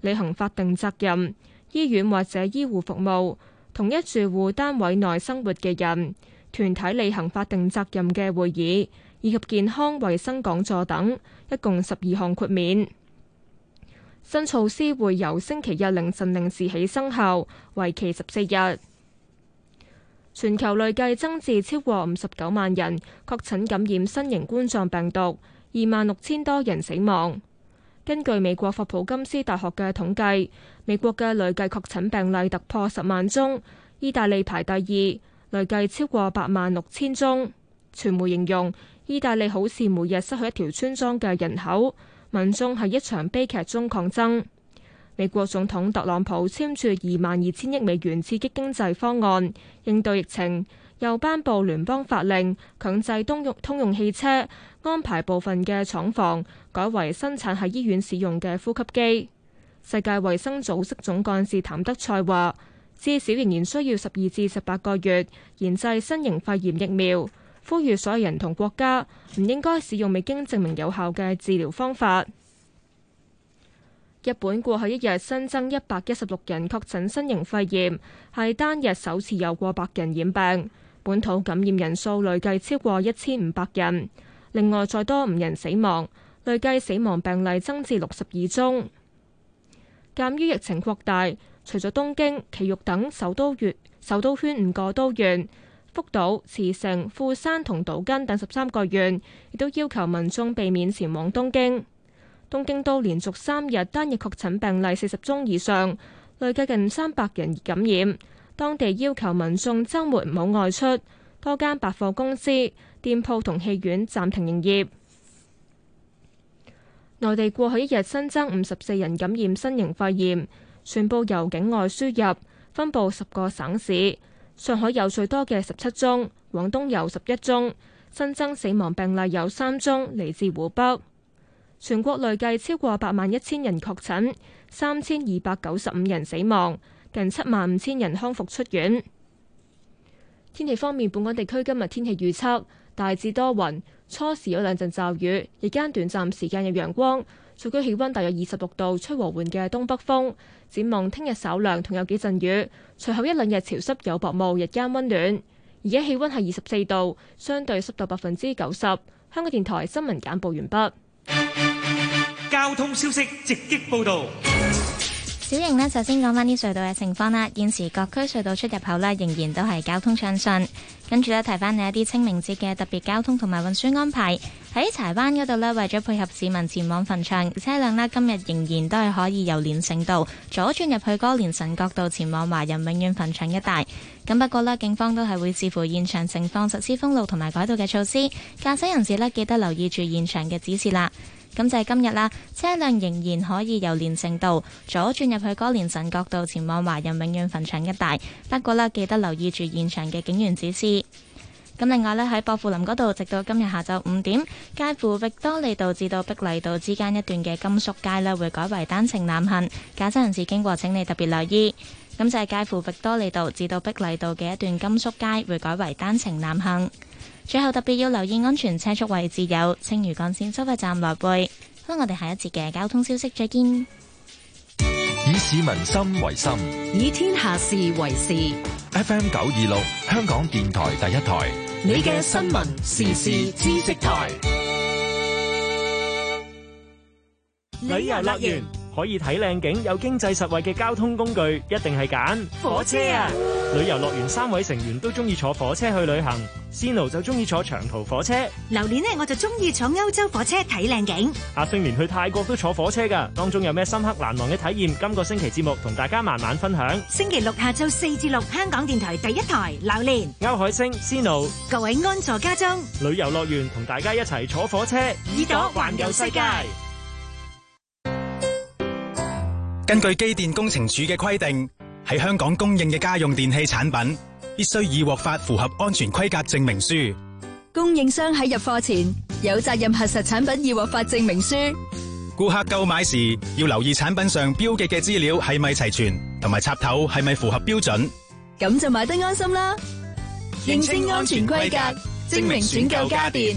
履行法定責任、醫院或者醫護服務、同一住戶單位內生活嘅人、團體履行法定責任嘅會議以及健康衞生講座等，一共十二項豁免。新措施會由星期日凌晨零時起生效，為期十四日。全球累計增至超過五十九萬人確診感染新型冠狀病毒，二萬六千多人死亡。根據美國霍普金斯大學嘅統計，美國嘅累計確診病例突破十萬宗，意大利排第二，累計超過八萬六千宗。傳媒形容意大利好似每日失去一條村莊嘅人口，民眾喺一場悲劇中抗爭。美國總統特朗普簽署二萬二千億美元刺激經濟方案，應對疫情，又頒布聯邦法令，強制東用通用汽車安排部分嘅廠房改為生產喺醫院使用嘅呼吸機。世界衛生組織總幹事譚德賽話，至少仍然需要十二至十八個月研製新型肺炎疫苗，呼籲所有人同國家唔應該使用未經證明有效嘅治療方法。日本過去一日新增一百一十六人確診新型肺炎，係單日首次有過百人染病。本土感染人數累計超過一千五百人，另外再多五人死亡，累計死亡病例增至六十二宗。鑑於疫情擴大，除咗東京、埼玉等首都月、首都圈五個都縣，福島、茨城、富山同島根等十三個縣，亦都要求民眾避免前往東京。東京都連續三日單日確診病例四十宗以上，累計近三百人感染。當地要求民眾週末唔好外出，多間百貨公司、店鋪同戲院暫停營業。內地過去一日新增五十四人感染新型肺炎，全部由境外輸入，分佈十個省市。上海有最多嘅十七宗，廣東有十一宗。新增死亡病例有三宗，嚟自湖北。全國累計超過八萬一千人確診，三千二百九十五人死亡，近七萬五千人康復出院。天氣方面，本港地區今日天氣預測大致多雲，初時有兩陣驟雨，日間短暫時間有陽光，最高氣温大約二十六度，吹和緩嘅東北風。展望聽日稍涼，同有幾陣雨，隨後一兩日潮濕有薄霧，日間溫暖。而家氣温係二十四度，相對濕度百分之九十。香港電台新聞簡報完畢。交通消息直擊報道，小瑩呢，首先講翻啲隧道嘅情況啦。現時各區隧道出入口呢，仍然都係交通暢順，跟住呢，提翻你一啲清明節嘅特別交通同埋運輸安排。喺柴灣嗰度呢，為咗配合市民前往墳場，車輛呢，今日仍然都係可以由連城道左轉入去歌連臣角道，前往華人永遠墳場一帶。咁不過呢，警方都係會視乎現場情況實施封路同埋改道嘅措施，駕駛人士呢，記得留意住現場嘅指示啦。咁就係今日啦，車輛仍然可以由連城道左轉入去哥連臣角道，前往華人永遠墳場一帶。不過咧，記得留意住現場嘅警員指示。咁另外呢，喺薄扶林嗰度，直到今日下晝五點，介乎域多利道至到碧麗道之間一段嘅金粟街呢，會改為單程南行。駕車人士經過請你特別留意。咁就係介乎域多利道至到碧麗道嘅一段金粟街會改為單程南行。最後特別要留意安全車速位置，有青嶼幹線收費站落背。好，我哋下一節嘅交通消息再見。以市民心為心，以天下事為事。F M 九二六香港電台第一台，你嘅新聞時事知識台。旅遊樂園。可以睇靚景有，經濟實惠嘅交通工具，一定係揀火車啊！旅遊樂園三位成員都中意坐火車去旅行，Cino 就中意坐長途火車。劉念咧，我就中意坐歐洲火車睇靚景。阿星連去泰國都坐火車噶，當中有咩深刻難忘嘅體驗？今個星期節目同大家慢慢分享。星期六下晝四至六，香港電台第一台，劉念、歐海星、Cino，各位安坐家中，旅遊樂園同大家一齊坐火車，耳朵環遊世界。根據機電工程署嘅規定，喺香港供應嘅家用電器產品必須已獲發符合安全規格證明書。供應商喺入貨前有責任核實產品已獲發證明書。顧客購買時要留意產品上標記嘅資料係咪齊全，同埋插頭係咪符合標準。咁就買得安心啦！認清安全規格，證明選購家電。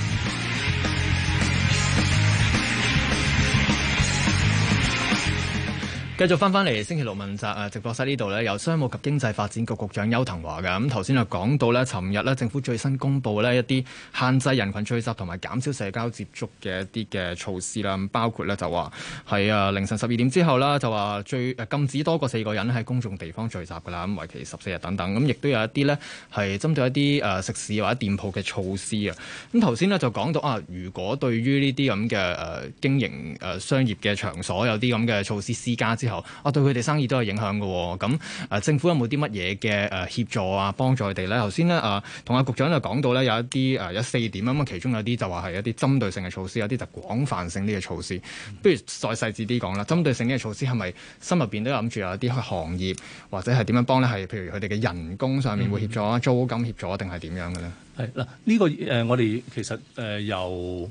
繼續翻翻嚟，星期六問責啊，直播室呢度呢，由商務及經濟發展局局長邱騰華嘅。咁頭先就講到呢，尋日政府最新公布呢一啲限制人群聚集同埋減少社交接觸嘅一啲嘅措施啦，包括呢就話係啊凌晨十二點之後啦，就話最禁止多過四個人喺公眾地方聚集噶啦，咁為期十四日等等，咁亦都有一啲呢係針對一啲誒食肆或者店鋪嘅措施啊。咁頭先呢就講到啊，如果對於呢啲咁嘅誒經營誒商業嘅場所，有啲咁嘅措施施加之後，啊，對佢哋生意都有影響嘅、哦，咁誒、啊、政府有冇啲乜嘢嘅誒協助啊幫助佢哋咧？頭先咧啊，同阿局長就講到咧有一啲誒、啊、有四點啊，咁其中有啲就話係一啲針對性嘅措施，有啲就廣泛性呢嘅措施。不如再細緻啲講啦，嗯、針對性嘅措施係咪心入邊都有諗住有一啲行業或者係點樣幫咧？係譬如佢哋嘅人工上面會協助啊，嗯、租金協助定係點樣嘅咧？係嗱、這個，呢個誒我哋其實誒、呃、由，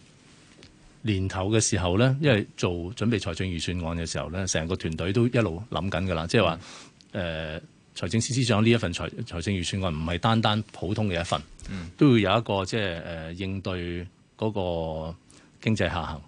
年頭嘅時候呢，因為做準備財政預算案嘅時候呢，成個團隊都一路諗緊㗎啦，即係話誒財政司司長呢一份財財政預算案唔係單單普通嘅一份，嗯、都要有一個即係誒應對嗰個經濟下行，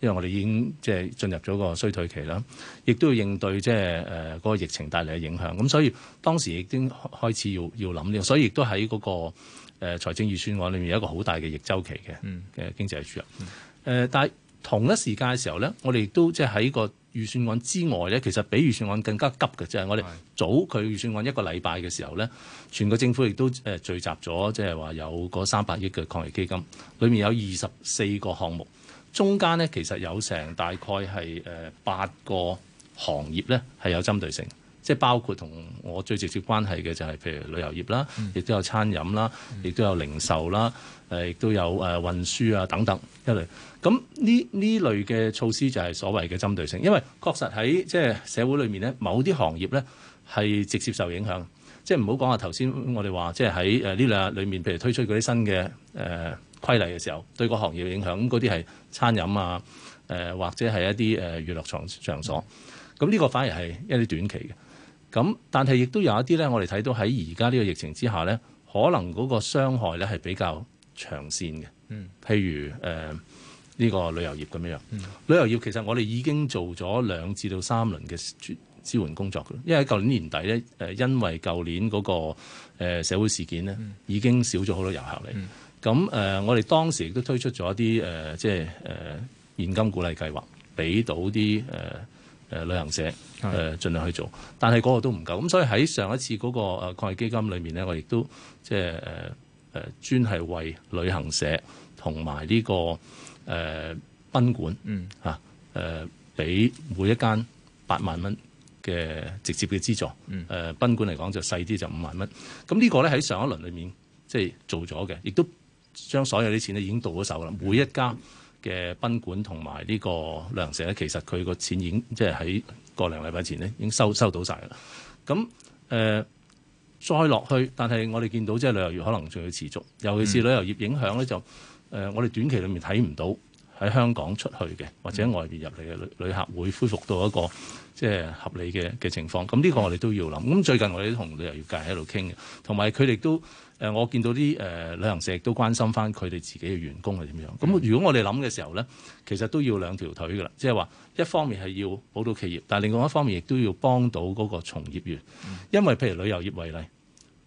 因為我哋已經即係、就是、進入咗個衰退期啦，亦都要應對即係誒嗰個疫情帶嚟嘅影響。咁所以當時已經開始要要諗㗎、這個，所以亦都喺嗰、那個誒、呃、財政預算案裏面有一個好大嘅逆周期嘅嘅、嗯、經濟嘅注入。嗯誒、呃，但係同一時間嘅時候咧，我哋亦都即係喺個預算案之外咧，其實比預算案更加急嘅就係、是、我哋早佢預算案一個禮拜嘅時候咧，全個政府亦都誒、呃、聚集咗，即係話有嗰三百億嘅抗疫基金，裏面有二十四個項目，中間咧其實有成大概係誒八個行業咧係有針對性，即係包括同我最直接關係嘅就係譬如旅遊業啦，亦、嗯、都有餐飲啦，亦、嗯、都有零售啦，誒、呃、亦都有誒、呃、運輸啊等等一類。咁呢呢類嘅措施就係所謂嘅針對性，因為確實喺即係社會裏面咧，某啲行業咧係直接受影響。即係唔好講啊。頭先我哋話即係喺呢兩日裏面，譬如推出嗰啲新嘅誒規例嘅時候，對個個行業影響咁，嗰啲係餐飲啊、呃、或者係一啲誒娛樂場所。咁呢、嗯、個反而係一啲短期嘅。咁但係亦都有一啲咧，我哋睇到喺而家呢個疫情之下咧，可能嗰個傷害咧係比較長線嘅。嗯，譬如、呃呢個旅遊業咁樣樣，旅遊業其實我哋已經做咗兩至到三輪嘅支援工作。因為喺舊年年底咧，誒因為舊年嗰個社會事件咧，已經少咗好多遊客嚟。咁誒、嗯，我哋當時亦都推出咗一啲誒、呃，即係誒、呃、現金鼓勵計劃，俾到啲誒誒旅行社誒，呃、盡量去做。但係嗰個都唔夠咁，所以喺上一次嗰個抗疫基金裏面咧，我亦都即係誒誒專係為旅行社同埋呢個。誒、呃、賓館，嚇誒俾每一間八萬蚊嘅直接嘅資助，誒、呃、賓館嚟講就細啲，就五萬蚊。咁呢個咧喺上一輪裏面即係、就是、做咗嘅，亦都將所有啲錢咧已經到咗手啦。每一家嘅賓館同埋呢個旅行社咧，其實佢個錢已經即係喺個零禮拜前咧已經收收到曬啦。咁誒、呃、再落去，但係我哋見到即係旅遊業可能仲要持續，尤其是旅遊業影響咧就。誒、呃，我哋短期裏面睇唔到喺香港出去嘅或者外邊入嚟嘅旅旅客會恢復到一個即係合理嘅嘅情況。咁呢個我哋都要諗。咁最近我哋都同旅遊業界喺度傾嘅，同埋佢哋都誒、呃，我見到啲誒、呃、旅行社亦都關心翻佢哋自己嘅員工係點樣。咁如果我哋諗嘅時候呢，其實都要兩條腿噶啦，即係話一方面係要保到企業，但係另外一方面亦都要幫到嗰個從業員，因為譬如旅遊業為例，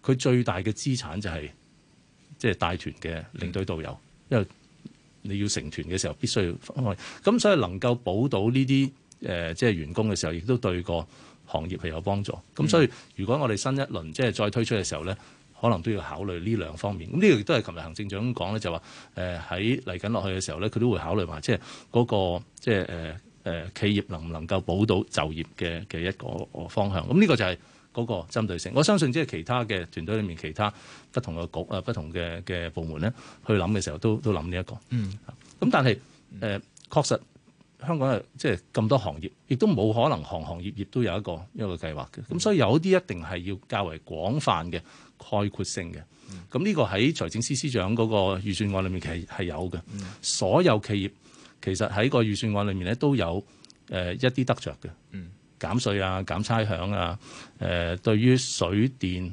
佢最大嘅資產就係即係帶團嘅領隊導遊。因為你要成團嘅時候必須要分開，咁所以能夠保到呢啲誒即係員工嘅時候，亦都對個行業係有幫助。咁所以如果我哋新一輪即係再推出嘅時候咧，可能都要考慮呢兩方面。咁呢個亦都係琴日行政長講咧，就話誒喺嚟緊落去嘅時候咧，佢都會考慮話，即係嗰個即係誒誒企業能唔能夠保到就業嘅嘅一個方向。咁呢個就係。嗰個針對性，我相信即係其他嘅團隊裏面其他不同嘅局啊，不同嘅嘅部門咧，去諗嘅時候都都諗呢一個。嗯。咁但係是誒，嗯、確實香港即係咁多行業，亦都冇可能行行業業都有一個一個計劃嘅。咁、嗯、所以有啲一定係要較為廣泛嘅概括性嘅。咁呢、嗯、個喺財政司司長嗰個預算案裏面其實係有嘅。嗯、所有企業其實喺個預算案裏面咧都有誒一啲得着嘅。嗯。減稅啊、減差餉啊、誒、呃、對於水電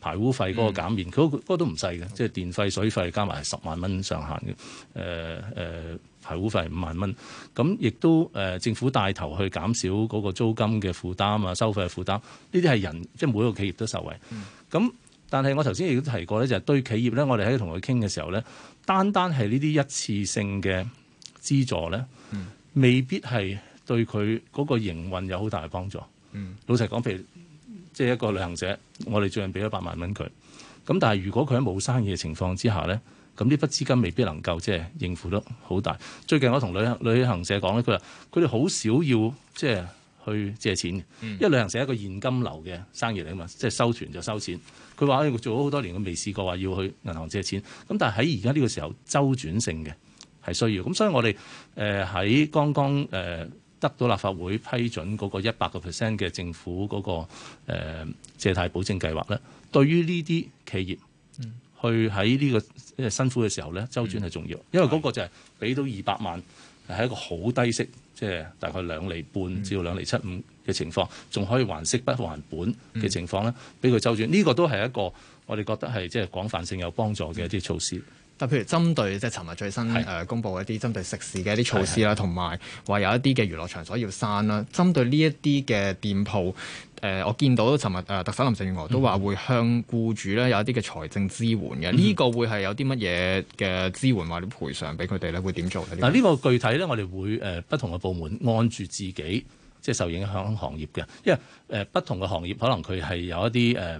排污費嗰個減免，佢嗰個都唔細嘅，即、就、係、是、電費、水費加埋十萬蚊上限嘅，誒、呃、誒、呃、排污費五萬蚊，咁、嗯、亦都誒、呃、政府帶頭去減少嗰個租金嘅負擔啊、收費嘅負擔，呢啲係人即係、就是、每一個企業都受惠。咁、嗯、但係我頭先亦都提過咧，就係、是、對企業咧，我哋喺度同佢傾嘅時候咧，單單係呢啲一次性嘅資助咧，未必係。對佢嗰個營運有好大嘅幫助。嗯，老實講，譬如即係一個旅行社，我哋最近俾咗百萬蚊佢。咁但係如果佢喺冇生意嘅情況之下咧，咁呢筆資金未必能夠即係應付得好大。最近我同旅旅行社講咧，佢話佢哋好少要即係去借錢嘅，因為旅行社一個現金流嘅生意嚟啊嘛，即係收團就收錢。佢話我做咗好多年，我未試過話要去銀行借錢。咁但係喺而家呢個時候，周轉性嘅係需要。咁所以我哋喺剛剛誒。得到立法會批准嗰個一百個 percent 嘅政府嗰個、呃、借貸保證計劃咧，對於呢啲企業去喺呢個辛苦嘅時候咧，周轉係重要，因為嗰個就係俾到二百萬係一個好低息，即係大概兩厘半至到兩厘七五嘅情況，仲可以還息不還本嘅情況咧，俾佢周轉，呢個都係一個我哋覺得係即係廣泛性有幫助嘅一啲措施。但譬如針對即係尋日最新公佈一啲針對食肆嘅一啲措施啦，同埋話有一啲嘅娛樂場所要刪啦。針對呢一啲嘅店鋪，我見到尋日特首林鄭月娥都話會向僱主咧有一啲嘅財政支援嘅，呢、嗯、個會係有啲乜嘢嘅支援或者賠償俾佢哋咧？會點做咧？嗱，呢個具體咧，我哋會不同嘅部門按住自己即係受影響行業嘅，因為不同嘅行業可能佢係有一啲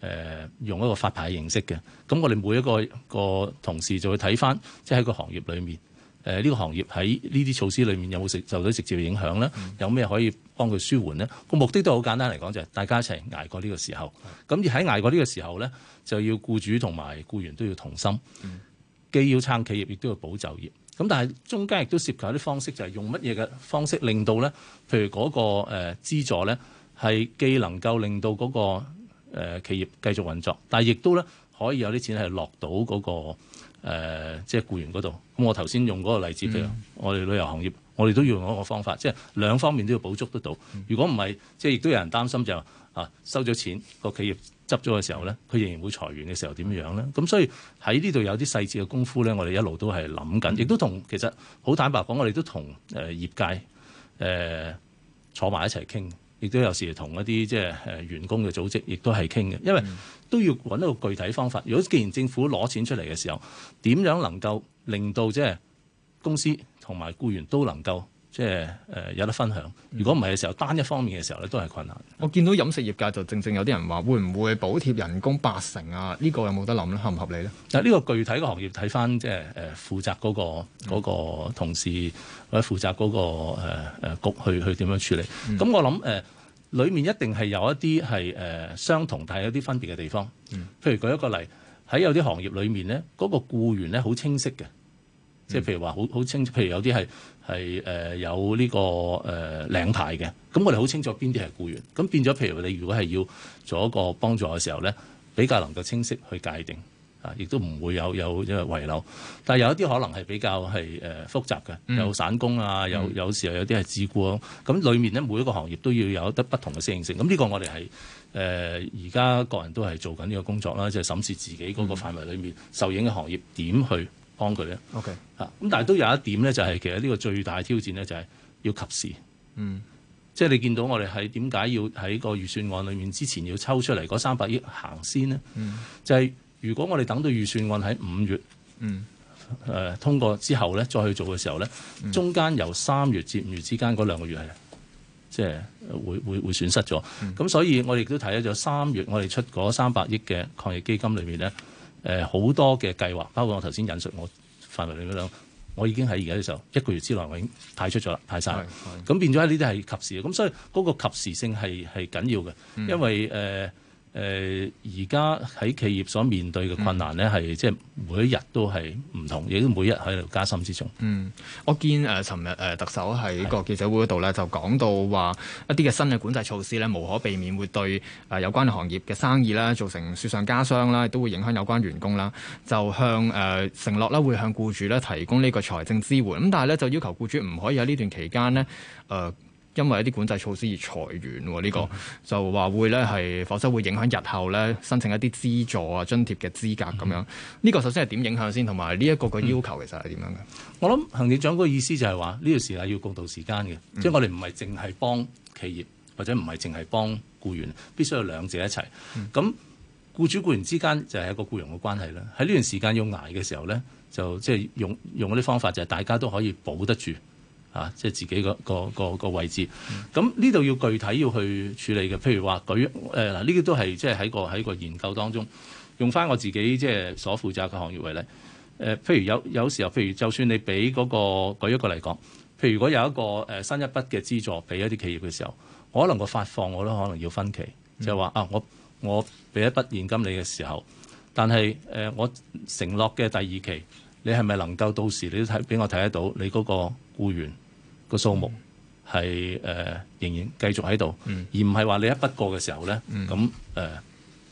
誒、呃、用一個發牌嘅形式嘅，咁我哋每一個個同事就會睇翻，即係喺個行業裏面，誒、呃、呢、這個行業喺呢啲措施裏面有冇受、受到直接嘅影響咧？嗯、有咩可以幫佢舒緩咧？個目的都好簡單嚟講，就係、是、大家一齊捱過呢個時候。咁而喺捱過呢個時候咧，就要僱主同埋僱員都要同心，嗯、既要撐企業，亦都要保就業。咁但係中間亦都涉及一啲方式，就係、是、用乜嘢嘅方式令到咧？譬如嗰個誒資助咧，係既能夠令到嗰個。誒企業繼續運作，但係亦都咧可以有啲錢係落到嗰、那個、呃、即係僱員嗰度。咁我頭先用嗰個例子譬如我哋旅遊行業，我哋都要用嗰個方法，即係兩方面都要補足得到。如果唔係，即係亦都有人擔心就啊收咗錢個企業執咗嘅時候咧，佢仍然會裁員嘅時候點樣咧？咁、嗯、所以喺呢度有啲細節嘅功夫咧，我哋一路都係諗緊，亦都同其實好坦白講，我哋都同誒、呃、業界誒、呃、坐埋一齊傾。亦都有時同一啲即係誒員工嘅組織，亦都係傾嘅，因為都要揾到個具體方法。如果既然政府攞錢出嚟嘅時候，點樣能夠令到即係公司同埋僱員都能夠？即係誒、呃、有得分享。如果唔係嘅時候，單一方面嘅時候咧，都係困難。我見到飲食業界就正正有啲人話，會唔會補貼人工八成啊？呢、這個有冇得諗咧？合唔合理咧？但係呢個具體嘅行業睇返，即係誒負責嗰、那個嗯、個同事或者負責嗰、那個誒、呃、局去去點樣處理？咁、嗯、我諗誒、呃，裡面一定係有一啲係誒相同，但係有啲分別嘅地方。嗯、譬如舉一個例，喺有啲行業裏面咧，嗰、那個僱員咧好清晰嘅。即係、嗯、譬如話好好清楚，譬如有啲係係誒有呢、呢個誒、呃、領牌嘅，咁我哋好清楚邊啲係僱員，咁變咗譬如你如果係要做一個幫助嘅時候咧，比較能夠清晰去界定啊，亦都唔會有有因為遺漏。但係有一啲可能係比較係誒、呃、複雜嘅，有散工啊，有、嗯、有時候有啲係自僱咁，咁裡面咧每一個行業都要有得不同嘅適應性。咁呢個我哋係誒而家個人都係做緊呢個工作啦，即、就、係、是、審視自己嗰個範圍裡面、嗯、受影響嘅行業點去。幫佢咧，OK 嚇，咁但係都有一點咧、就是，就係其實呢個最大挑戰咧，就係要及時。嗯，即係你見到我哋係點解要喺個預算案裏面之前要抽出嚟嗰三百億行先呢？嗯，就係如果我哋等到預算案喺五月，嗯，誒、呃、通過之後咧，再去做嘅時候咧，嗯、中間由三月至五月之間嗰兩個月係，即、就、係、是、會會會損失咗。咁、嗯、所以我哋亦都睇咗，三月我哋出嗰三百億嘅抗疫基金裏面咧。誒好、呃、多嘅計劃，包括我頭先引述我範圍裏面兩，我已經喺而家嘅時候一個月之內，我已經派出咗啦，派晒。咁變咗喺呢啲係及時嘅，咁所以嗰個及時性係係緊要嘅，因為誒。嗯呃誒而家喺企業所面對嘅困難呢，係、嗯、即係每一日都係唔同，亦都每一日喺度加深之中。嗯，我見誒尋日誒特首喺個記者會嗰度呢，就講到話一啲嘅新嘅管制措施呢，無可避免會對誒、呃、有關行業嘅生意啦，造成雪上加霜啦，都會影響有關員工啦。就向誒、呃、承諾啦，會向僱主呢提供呢個財政支援。咁但係呢，就要求僱主唔可以喺呢段期間呢。誒、呃。因為一啲管制措施而裁員，呢個就話會咧係，否則會影響日後咧申請一啲資助啊、津貼嘅資格咁樣。呢個首先係點影響先，同埋呢一個嘅要求其實係點樣嘅？我諗行政長官嘅意思就係話呢段時間要共度時間嘅，嗯、即係我哋唔係淨係幫企業，或者唔係淨係幫僱員，必須要兩者一齊。咁僱主僱員之間就係一個僱傭嘅關係啦。喺呢段時間要捱嘅時候咧，就即係用用嗰啲方法，就係大家都可以保得住。啊！即係自己個、個個個位置，咁呢度要具體要去處理嘅。譬如話舉嗱，呢、呃、啲都係即係喺個喺個研究當中，用翻我自己即係所負責嘅行業為例。呃、譬如有有時候，譬如就算你俾嗰、嗰個舉一個嚟講，譬如如果有一個、呃、新一筆嘅資助俾一啲企業嘅時候，我可能個發放我都可能要分期，嗯、就話啊，我我俾一筆現金你嘅時候，但係、呃、我承諾嘅第二期，你係咪能夠到時你都睇俾我睇得到你嗰個雇員個數目係誒、呃、仍然繼續喺度，嗯、而唔係話你一筆過嘅時候呢，咁誒、嗯呃、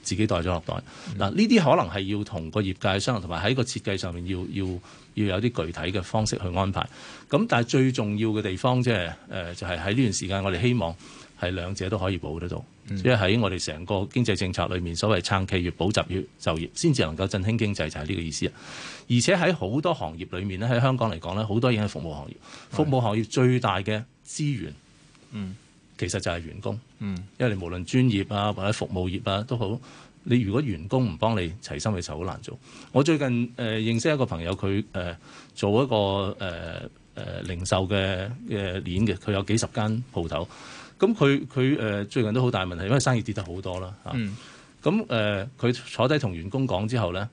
自己袋咗落袋。嗱呢啲可能係要同個業界商量，同埋喺個設計上面要要要有啲具體嘅方式去安排。咁但係最重要嘅地方即係誒，就係喺呢段時間，我哋希望係兩者都可以保得到，即係喺我哋成個經濟政策裏面，所謂撐企業、補習業、就業，先至能夠振興經濟，就係、是、呢個意思啊。而且喺好多行業裏面咧，喺香港嚟講咧，好多已經係服務行業。服務行業最大嘅資源，嗯，嗯，其實就係員工，嗯，因為你無論專業啊或者服務業啊都好，你如果員工唔幫你齊心嘅時候，好難做。我最近誒、呃、認識一個朋友，佢誒、呃、做一個誒誒、呃呃、零售嘅嘅鏈嘅，佢、呃、有幾十間鋪頭，咁佢佢誒最近都好大問題，因為生意跌得好多啦嚇。咁、啊、誒，佢、嗯呃、坐低同員工講之後咧，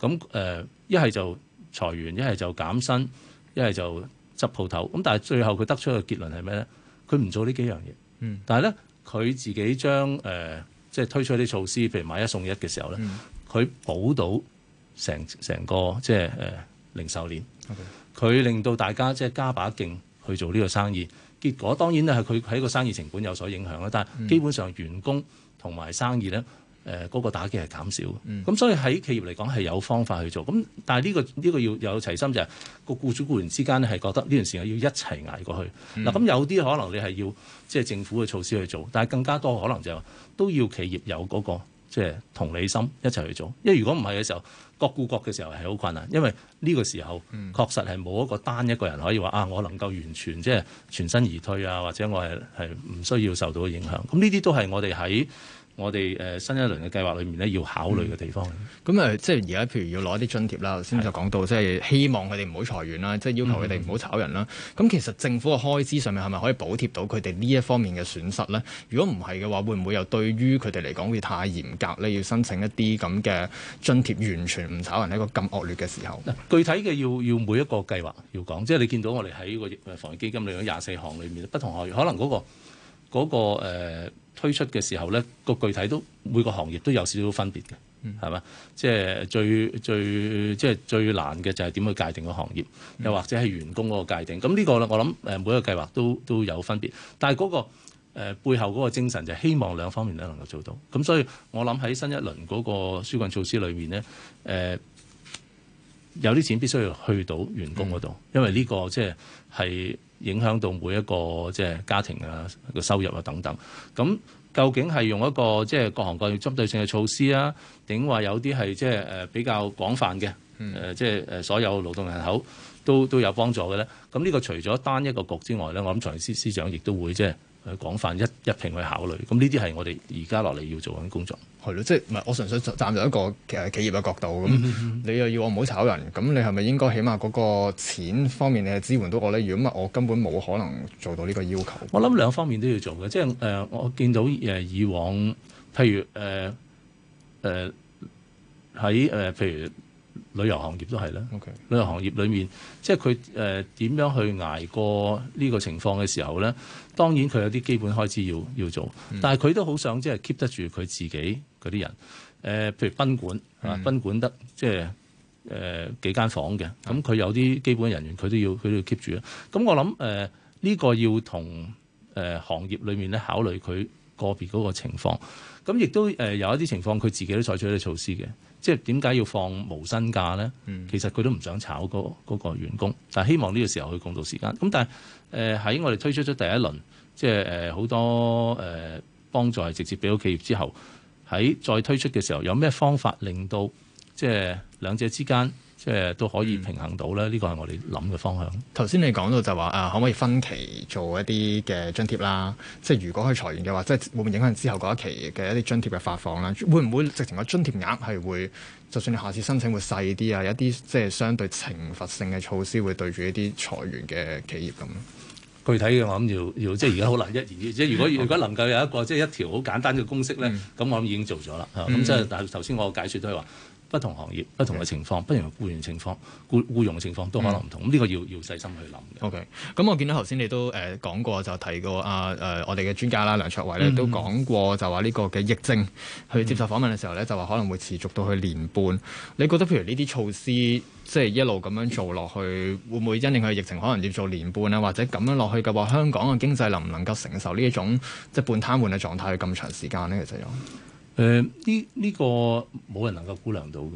咁誒。呃一係就裁員，一係就減薪，一係就執鋪頭。咁但係最後佢得出嘅結論係咩咧？佢唔做呢幾樣嘢。嗯，但係咧，佢自己將誒、呃、即係推出啲措施，譬如買一送一嘅時候咧，佢補、嗯、到成成個即係誒、呃、零售鏈。OK。佢令到大家即係加把勁去做呢個生意。結果當然咧係佢喺個生意成本有所影響啦。但係基本上員工同埋生意咧。誒嗰、呃嗰個打擊係減少，咁、嗯、所以喺企業嚟講係有方法去做，咁但係呢、呢個呢、呢個要有齊心、就係，就係個僱主僱員之間咧係覺得呢段時間要一齊捱過去。嗱咁、嗯、有啲可能你係要即係、即係、政府嘅措施去做，但係更加多可能就係、都要企業有嗰、嗰個即係、即係、同理心一齊去做。因為如果唔係嘅時候，各顧各嘅時候係好困難，因為呢個時候確實係冇一個單一個人可以話、嗯、啊，我能夠完全即係、即係、全身而退啊，或者我係係唔需要受到影響。咁呢啲都係我哋喺我哋誒新一輪嘅計劃裏面呢，要考慮嘅地方。咁誒、嗯，即係而家，譬如要攞啲津貼啦，頭先就講到，即係希望佢哋唔好裁員啦，即、就、係、是、要求佢哋唔好炒人啦。咁、嗯、其實政府嘅開支上面係咪可以補貼到佢哋呢一方面嘅損失咧？如果唔係嘅話，會唔會又對於佢哋嚟講會太嚴格咧？要申請一啲咁嘅津貼，完全唔炒人喺一個咁惡劣嘅時候。具體嘅要要每一個計劃要講，即係你見到我哋喺個防疫基金裏邊廿四項裏面，不同行業可能嗰、那個嗰、那個呃推出嘅時候呢，個具體都每個行業都有少少分別嘅，係嘛、嗯？即係最最即係最難嘅就係點去界定個行業，又或者係員工嗰個界定。咁呢個呢，我諗誒每一個計劃都都有分別。但係嗰、那個、呃、背後嗰個精神就係希望兩方面都能夠做到。咁所以，我諗喺新一輪嗰個紓困措施裏面呢，誒、呃、有啲錢必須要去到員工嗰度，嗯、因為呢個即係係。影響到每一個即係家庭啊個收入啊等等，咁究竟係用一個即係各行各業針對性嘅措施啊，定話有啲係即係誒比較廣泛嘅誒，即係誒所有勞動人口都都有幫助嘅咧？咁、這、呢個除咗單一個局之外咧，我諗財政司司長亦都會即係。去廣泛一一評去考慮，咁呢啲係我哋而家落嚟要做緊工作。係咯，即係唔係？我純粹站在一個企業嘅角度咁，你又要我唔好炒人，咁你係咪應該起碼嗰個錢方面你係支援到我咧？如果唔係，我根本冇可能做到呢個要求。我諗兩方面都要做嘅，即係誒我見到誒以往，譬如誒誒喺誒譬如。旅遊行業都係啦，旅遊行業裡面，即係佢誒點樣去捱過呢個情況嘅時候咧？當然佢有啲基本開支要要做，但係佢都好想即係 keep 得住佢自己嗰啲人。誒、呃，譬如賓館啊，賓館得即係誒、呃、幾間房嘅，咁佢有啲基本人員佢都要佢都要 keep 住啊。咁我諗誒呢個要同誒行業裡面咧考慮佢個別嗰個情況，咁亦都誒、呃、有一啲情況佢自己都採取一啲措施嘅。即係點解要放無薪假呢？其實佢都唔想炒嗰嗰個員工，但係希望呢個時候去共渡時艱。咁但係誒喺我哋推出咗第一輪，即係誒好多誒幫助係直接俾到企業之後，喺再推出嘅時候，有咩方法令到即係兩者之間？即係都可以平衡到咧，呢個係我哋諗嘅方向。頭先你講到就話啊，可唔可以分期做一啲嘅津貼啦？即係如果去裁員嘅話，即係會唔會影響之後嗰一期嘅一啲津貼嘅發放啦？會唔會直情個津貼額係會，就算你下次申請會細啲啊？有一啲即係相對懲罰性嘅措施會對住一啲裁員嘅企業咁？具體嘅我諗要要，即係而家好難一言 即如果如果能夠有一個、嗯、即係一條好簡單嘅公式咧，咁、嗯、我諗已經做咗啦。咁、嗯嗯、即係但係頭先我嘅解説都係話。不同行業、不同嘅情況、不如雇員情況、雇用嘅情況都可能唔同，呢、嗯、個要要細心去諗 O K. 咁我見到頭先你都誒講過，就提過啊、呃呃呃、我哋嘅專家啦，梁卓偉咧都講過就話呢個嘅疫症去接受訪問嘅時候咧，嗯、就話可能會持續到去年半。你覺得譬如呢啲措施即係一路咁樣做落去，會唔會因應佢疫情可能要做年半咧？或者咁樣落去嘅話，香港嘅經濟能唔能夠承受呢一種即半癱瘓嘅狀態咁長時間呢？其實誒，呢呢、呃這個冇人能夠估量到嘅，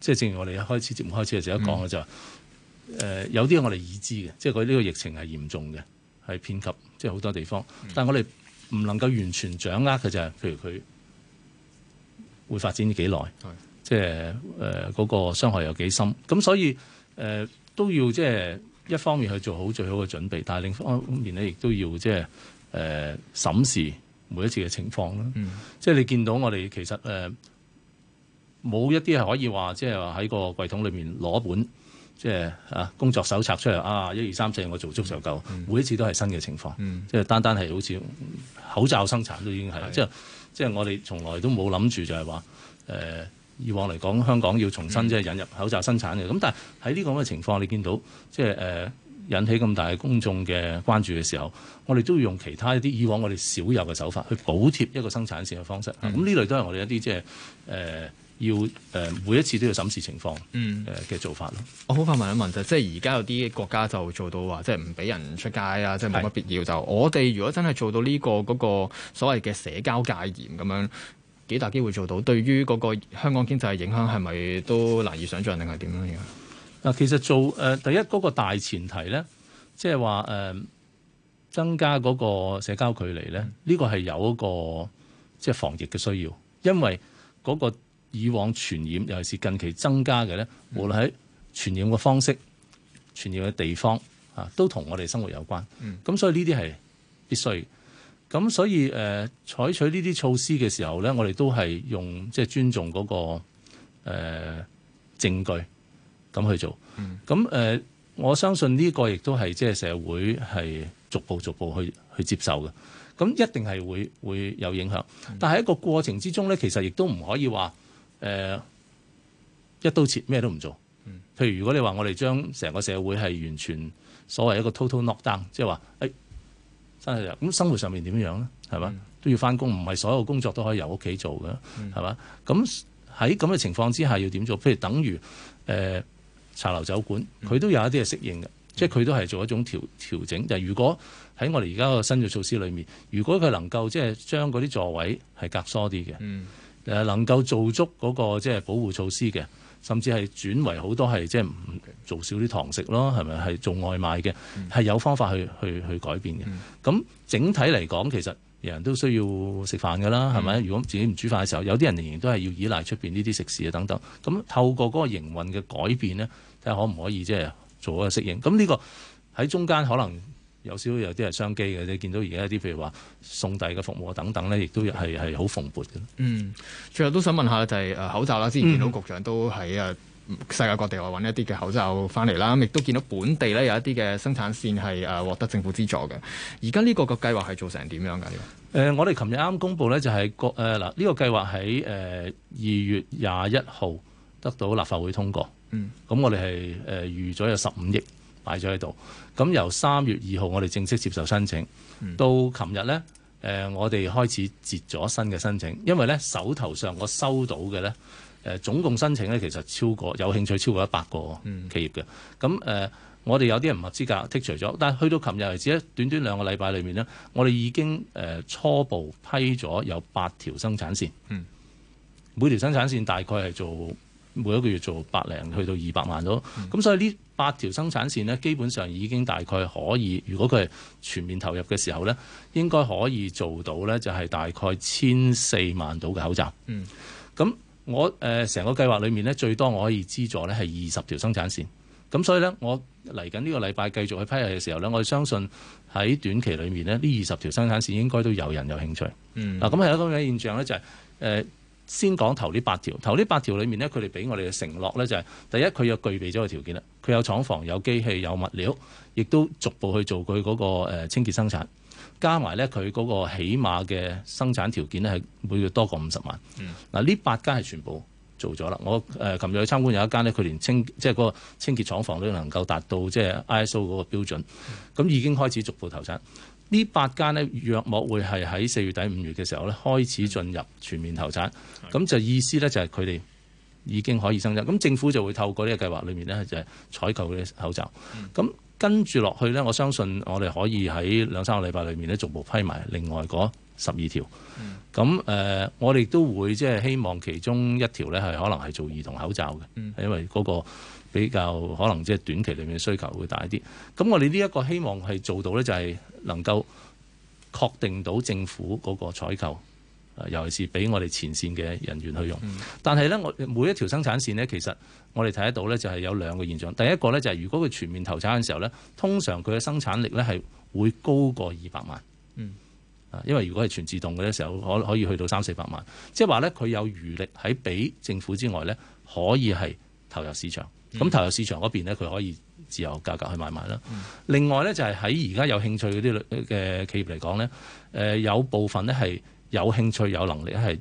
即係、嗯、正如我哋一開始節目開始嘅時候講嘅就係、是、誒、嗯、呃、有啲我哋已知嘅，即係佢呢個疫情係嚴重嘅，係遍及即係好多地方，嗯、但係我哋唔能夠完全掌握嘅就係、是、譬如佢會發展幾耐，嗯、即係誒嗰個傷害有幾深，咁所以誒、呃、都要即係一方面去做好最好嘅準備，但係另一方面咧亦都要即係誒、呃、審視。每一次嘅情況啦，嗯、即係你見到我哋其實誒冇、呃、一啲係可以話，即係話喺個櫃桶裏面攞本，即係啊工作手冊出嚟啊，一二三四我做足就夠。嗯、每一次都係新嘅情況，嗯、即係單單係好似口罩生產都已經係，是的即係即係我哋從來都冇諗住就係話誒以往嚟講香港要重新即係引入口罩生產嘅。咁、嗯、但係喺呢個咁嘅情況，你見到即係誒。就係引起咁大嘅公眾嘅關注嘅時候，我哋都要用其他一啲以往我哋少有嘅手法去補貼一個生產線嘅方式。咁呢、嗯、類都係我哋一啲即係誒要誒、呃、每一次都要審視情況嗯誒嘅、呃、做法咯。我好快問一問，就，即係而家有啲國家就做到話，即係唔俾人出街啊，即係冇乜必要是就。我哋如果真係做到呢、個嗰、個所謂嘅社交戒嚴咁樣幾大機會做到？對於嗰個香港經濟嘅影響，係咪都難以想象定係點樣樣？嗱，其實做誒、呃、第一嗰、那個大前提咧，即係話誒增加嗰個社交距離咧，呢、這個係有一個即係、就是、防疫嘅需要，因為嗰個以往傳染，尤其是近期增加嘅咧，無論喺傳染嘅方式、傳染嘅地方嚇、啊，都同我哋生活有關。咁、嗯、所以呢啲係必須。咁所以誒、呃、採取呢啲措施嘅時候咧，我哋都係用即係、就是、尊重嗰、那個誒、呃、證據。咁去做，咁誒、呃，我相信呢個亦都係即係社會係逐步逐步去去接受嘅，咁一定係會會有影響，但係一個過程之中咧，其實亦都唔可以話誒、呃、一刀切，咩都唔做。譬如如果你話我哋將成個社會係完全所謂一個 total knockdown 即係話誒，真係啊，咁生活上面點樣咧？係嘛，嗯、都要翻工，唔係所有工作都可以由屋企做嘅，係嘛？咁喺咁嘅情況之下要點做？譬如等於誒。呃茶樓酒館，佢都有一啲係適應嘅，即係佢都係做一種調調整。就係、如果喺我哋而家個新嘅措施裏面，如果佢能夠即係將嗰啲座位係隔疏啲嘅，誒、嗯、能夠做足嗰個即係保護措施嘅，甚至係轉為好多係即係唔做少啲堂食咯，係咪係做外賣嘅，係、嗯、有方法去去去改變嘅。咁、嗯、整體嚟講，其實。人人都需要食飯㗎啦，係咪？如果自己唔煮飯嘅時候，有啲人仍然都係要依賴出邊呢啲食肆啊、等等。咁透過嗰個營運嘅改變咧，睇下可唔可以即係做一個適應。咁呢個喺中間可能有少有啲係商機嘅。你見到而家一啲譬如話送遞嘅服務啊、等等咧，亦都係係好蓬勃嘅。嗯，最後都想問下就係、是、誒口罩啦。之前見到局長都喺啊。嗯世界各地我揾一啲嘅口罩翻嚟啦，咁亦都見到本地咧有一啲嘅生產線係誒獲得政府資助嘅。而家呢個個計劃係做成點樣嘅？誒、呃，我哋琴日啱公布咧，就、呃、係、個誒嗱呢個計劃喺誒二月廿一號得到立法會通過。嗯，咁我哋係誒預咗有十五億擺咗喺度。咁由三月二號我哋正式接受申請，到琴日咧誒，我哋開始截咗新嘅申請，因為咧手頭上我收到嘅咧。誒總共申請咧，其實超過有興趣超過一百個企業嘅。咁誒、嗯呃，我哋有啲人唔合資格剔除咗，但係去到琴日為止咧，短短兩個禮拜裡面咧，我哋已經誒、呃、初步批咗有八條生產線。嗯，每條生產線大概係做每一個月做百零去到二百萬度。咁、嗯、所以呢八條生產線呢，基本上已經大概可以，如果佢係全面投入嘅時候呢，應該可以做到呢，就係大概千四萬度嘅口罩。嗯，咁。我誒成、呃、個計劃裡面咧，最多我可以資助咧係二十條生產線。咁所以咧，我嚟緊呢個禮拜繼續去批核嘅時候咧，我相信喺短期裡面咧，呢二十條生產線應該都有人有興趣。嗯。嗱、啊，咁係一個咁嘅現象咧、就是，就係誒先講頭呢八條，頭呢八條裡面咧，佢哋俾我哋嘅承諾咧就係、是，第一佢有具備咗個條件啦，佢有廠房、有機器、有物料，亦都逐步去做佢嗰、那個、呃、清潔生產。加埋咧，佢嗰個起碼嘅生產條件咧係每月多過五十萬。嗱，呢八間係全部做咗啦。我誒琴日去參觀有一間咧，佢連清即係、就是、個清潔廠房都能夠達到即係 ISO 嗰個標準。咁已經開始逐步投產。呢八間咧，約莫會係喺四月底五月嘅時候咧開始進入全面投產。咁就意思咧就係佢哋已經可以生產。咁政府就會透過呢個計劃裏面咧就係採購嘅口罩。咁跟住落去呢，我相信我哋可以喺兩三個禮拜裏面咧，逐步批埋另外嗰十二條。咁誒、嗯嗯，我哋都會即係希望其中一條呢，係可能係做兒童口罩嘅，嗯、因為嗰個比較可能即係短期裏面需求會大啲。咁我哋呢一個希望係做到呢，就係能夠確定到政府嗰個採購。尤其是俾我哋前線嘅人員去用，但係呢，我每一條生產線呢，其實我哋睇得到呢，就係有兩個現象。第一個呢，就係如果佢全面投產嘅時候呢，通常佢嘅生產力呢係會高過二百萬。嗯啊，因為如果係全自動嘅時候，可可以去到三四百萬，即係話呢，佢有餘力喺俾政府之外呢，可以係投入市場。咁投入市場嗰邊呢，佢可以自由價格去買賣啦。另外呢，就係喺而家有興趣嗰啲嘅企業嚟講呢，誒有部分呢係。有興趣有能力係誒、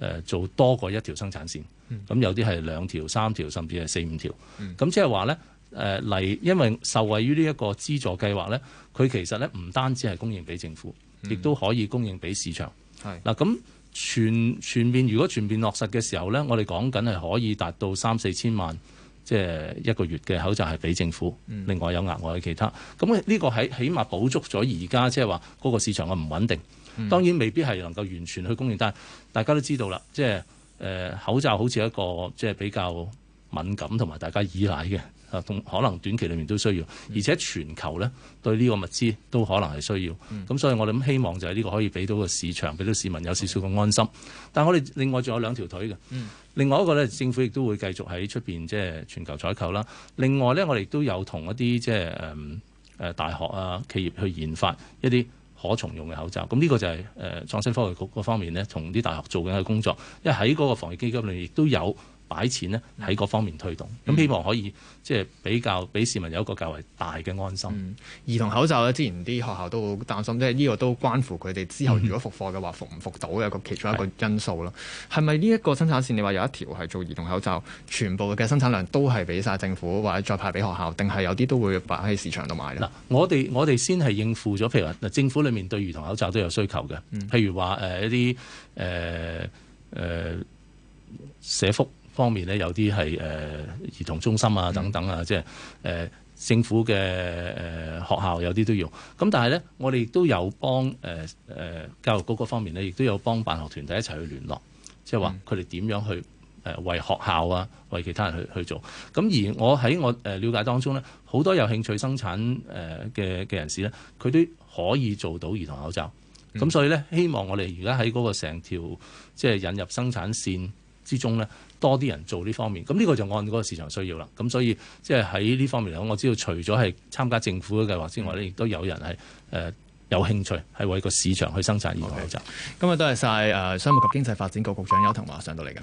呃、做多過一條生產線，咁、嗯、有啲係兩條、三條，甚至係四五條。咁即係話呢，誒嚟、呃，因為受惠於呢一個資助計劃呢，佢其實呢唔單止係供應俾政府，亦都、嗯、可以供應俾市場。嗱是，咁全全面如果全面落實嘅時候呢，我哋講緊係可以達到三四千萬，即係一個月嘅口罩係俾政府，嗯、另外有額外嘅其他。咁呢個喺起碼補足咗而家即係話嗰個市場嘅唔穩定。當然未必係能夠完全去供應，但係大家都知道啦，即係誒、呃、口罩好似一個即係比較敏感同埋大家依賴嘅，啊同可能短期裏面都需要，而且全球咧對呢個物資都可能係需要，咁、嗯、所以我哋希望就係呢個可以俾到個市場，俾到市民有少少個安心。嗯、但係我哋另外仲有兩條腿嘅。嗯、另外一個咧政府亦都會繼續喺出邊即係全球採購啦。另外咧我哋亦都有同一啲即係誒誒大學啊企業去研發一啲。可重用嘅口罩，咁呢個就係誒創新科技局嗰方面咧，同啲大學做緊嘅工作，因為喺嗰個防疫基金裏面亦都有。擺錢咧喺各方面推動，咁的、嗯、希望可以即係比較俾市民有一個較為大嘅安心、嗯。兒童口罩咧，之前啲學校都好擔心，即係呢個都關乎佢哋之後如果復課嘅話，復唔復到嘅一個其中一個因素咯。係咪呢一個生產線？你話有一條係做兒童口罩，全部嘅生產量都係俾晒政府，或者再派俾學校，定係有啲都會擺喺市場度賣咧？嗱，我哋我哋先係應付咗，譬如話嗱，政府裏面對兒童口罩都有需求嘅，嗯、譬如話誒一啲誒誒社福。方面咧，有啲係誒兒童中心啊，等等啊，即係誒、呃、政府嘅誒、呃、學校有啲都要。咁但係咧，我哋亦都有幫誒誒、呃呃、教育局方面咧，亦都有幫辦學團體一齊去聯絡，即係話佢哋點樣去誒、呃、為學校啊，為其他人去去做。咁而我喺我誒瞭解當中咧，好多有興趣生產誒嘅嘅人士咧，佢都可以做到兒童口罩。咁所以咧，希望我哋而家喺嗰個成條即係引入生產線之中咧。多啲人做呢方面，咁呢個就按嗰個市場需要啦。咁所以即係喺呢方面嚟講，我知道除咗係參加政府嘅計劃之外，呢亦都有人係、呃、有興趣係為個市場去生產而學習。Okay. 今日多謝晒誒，商務及經濟發展局局長邱騰華上到嚟嘅。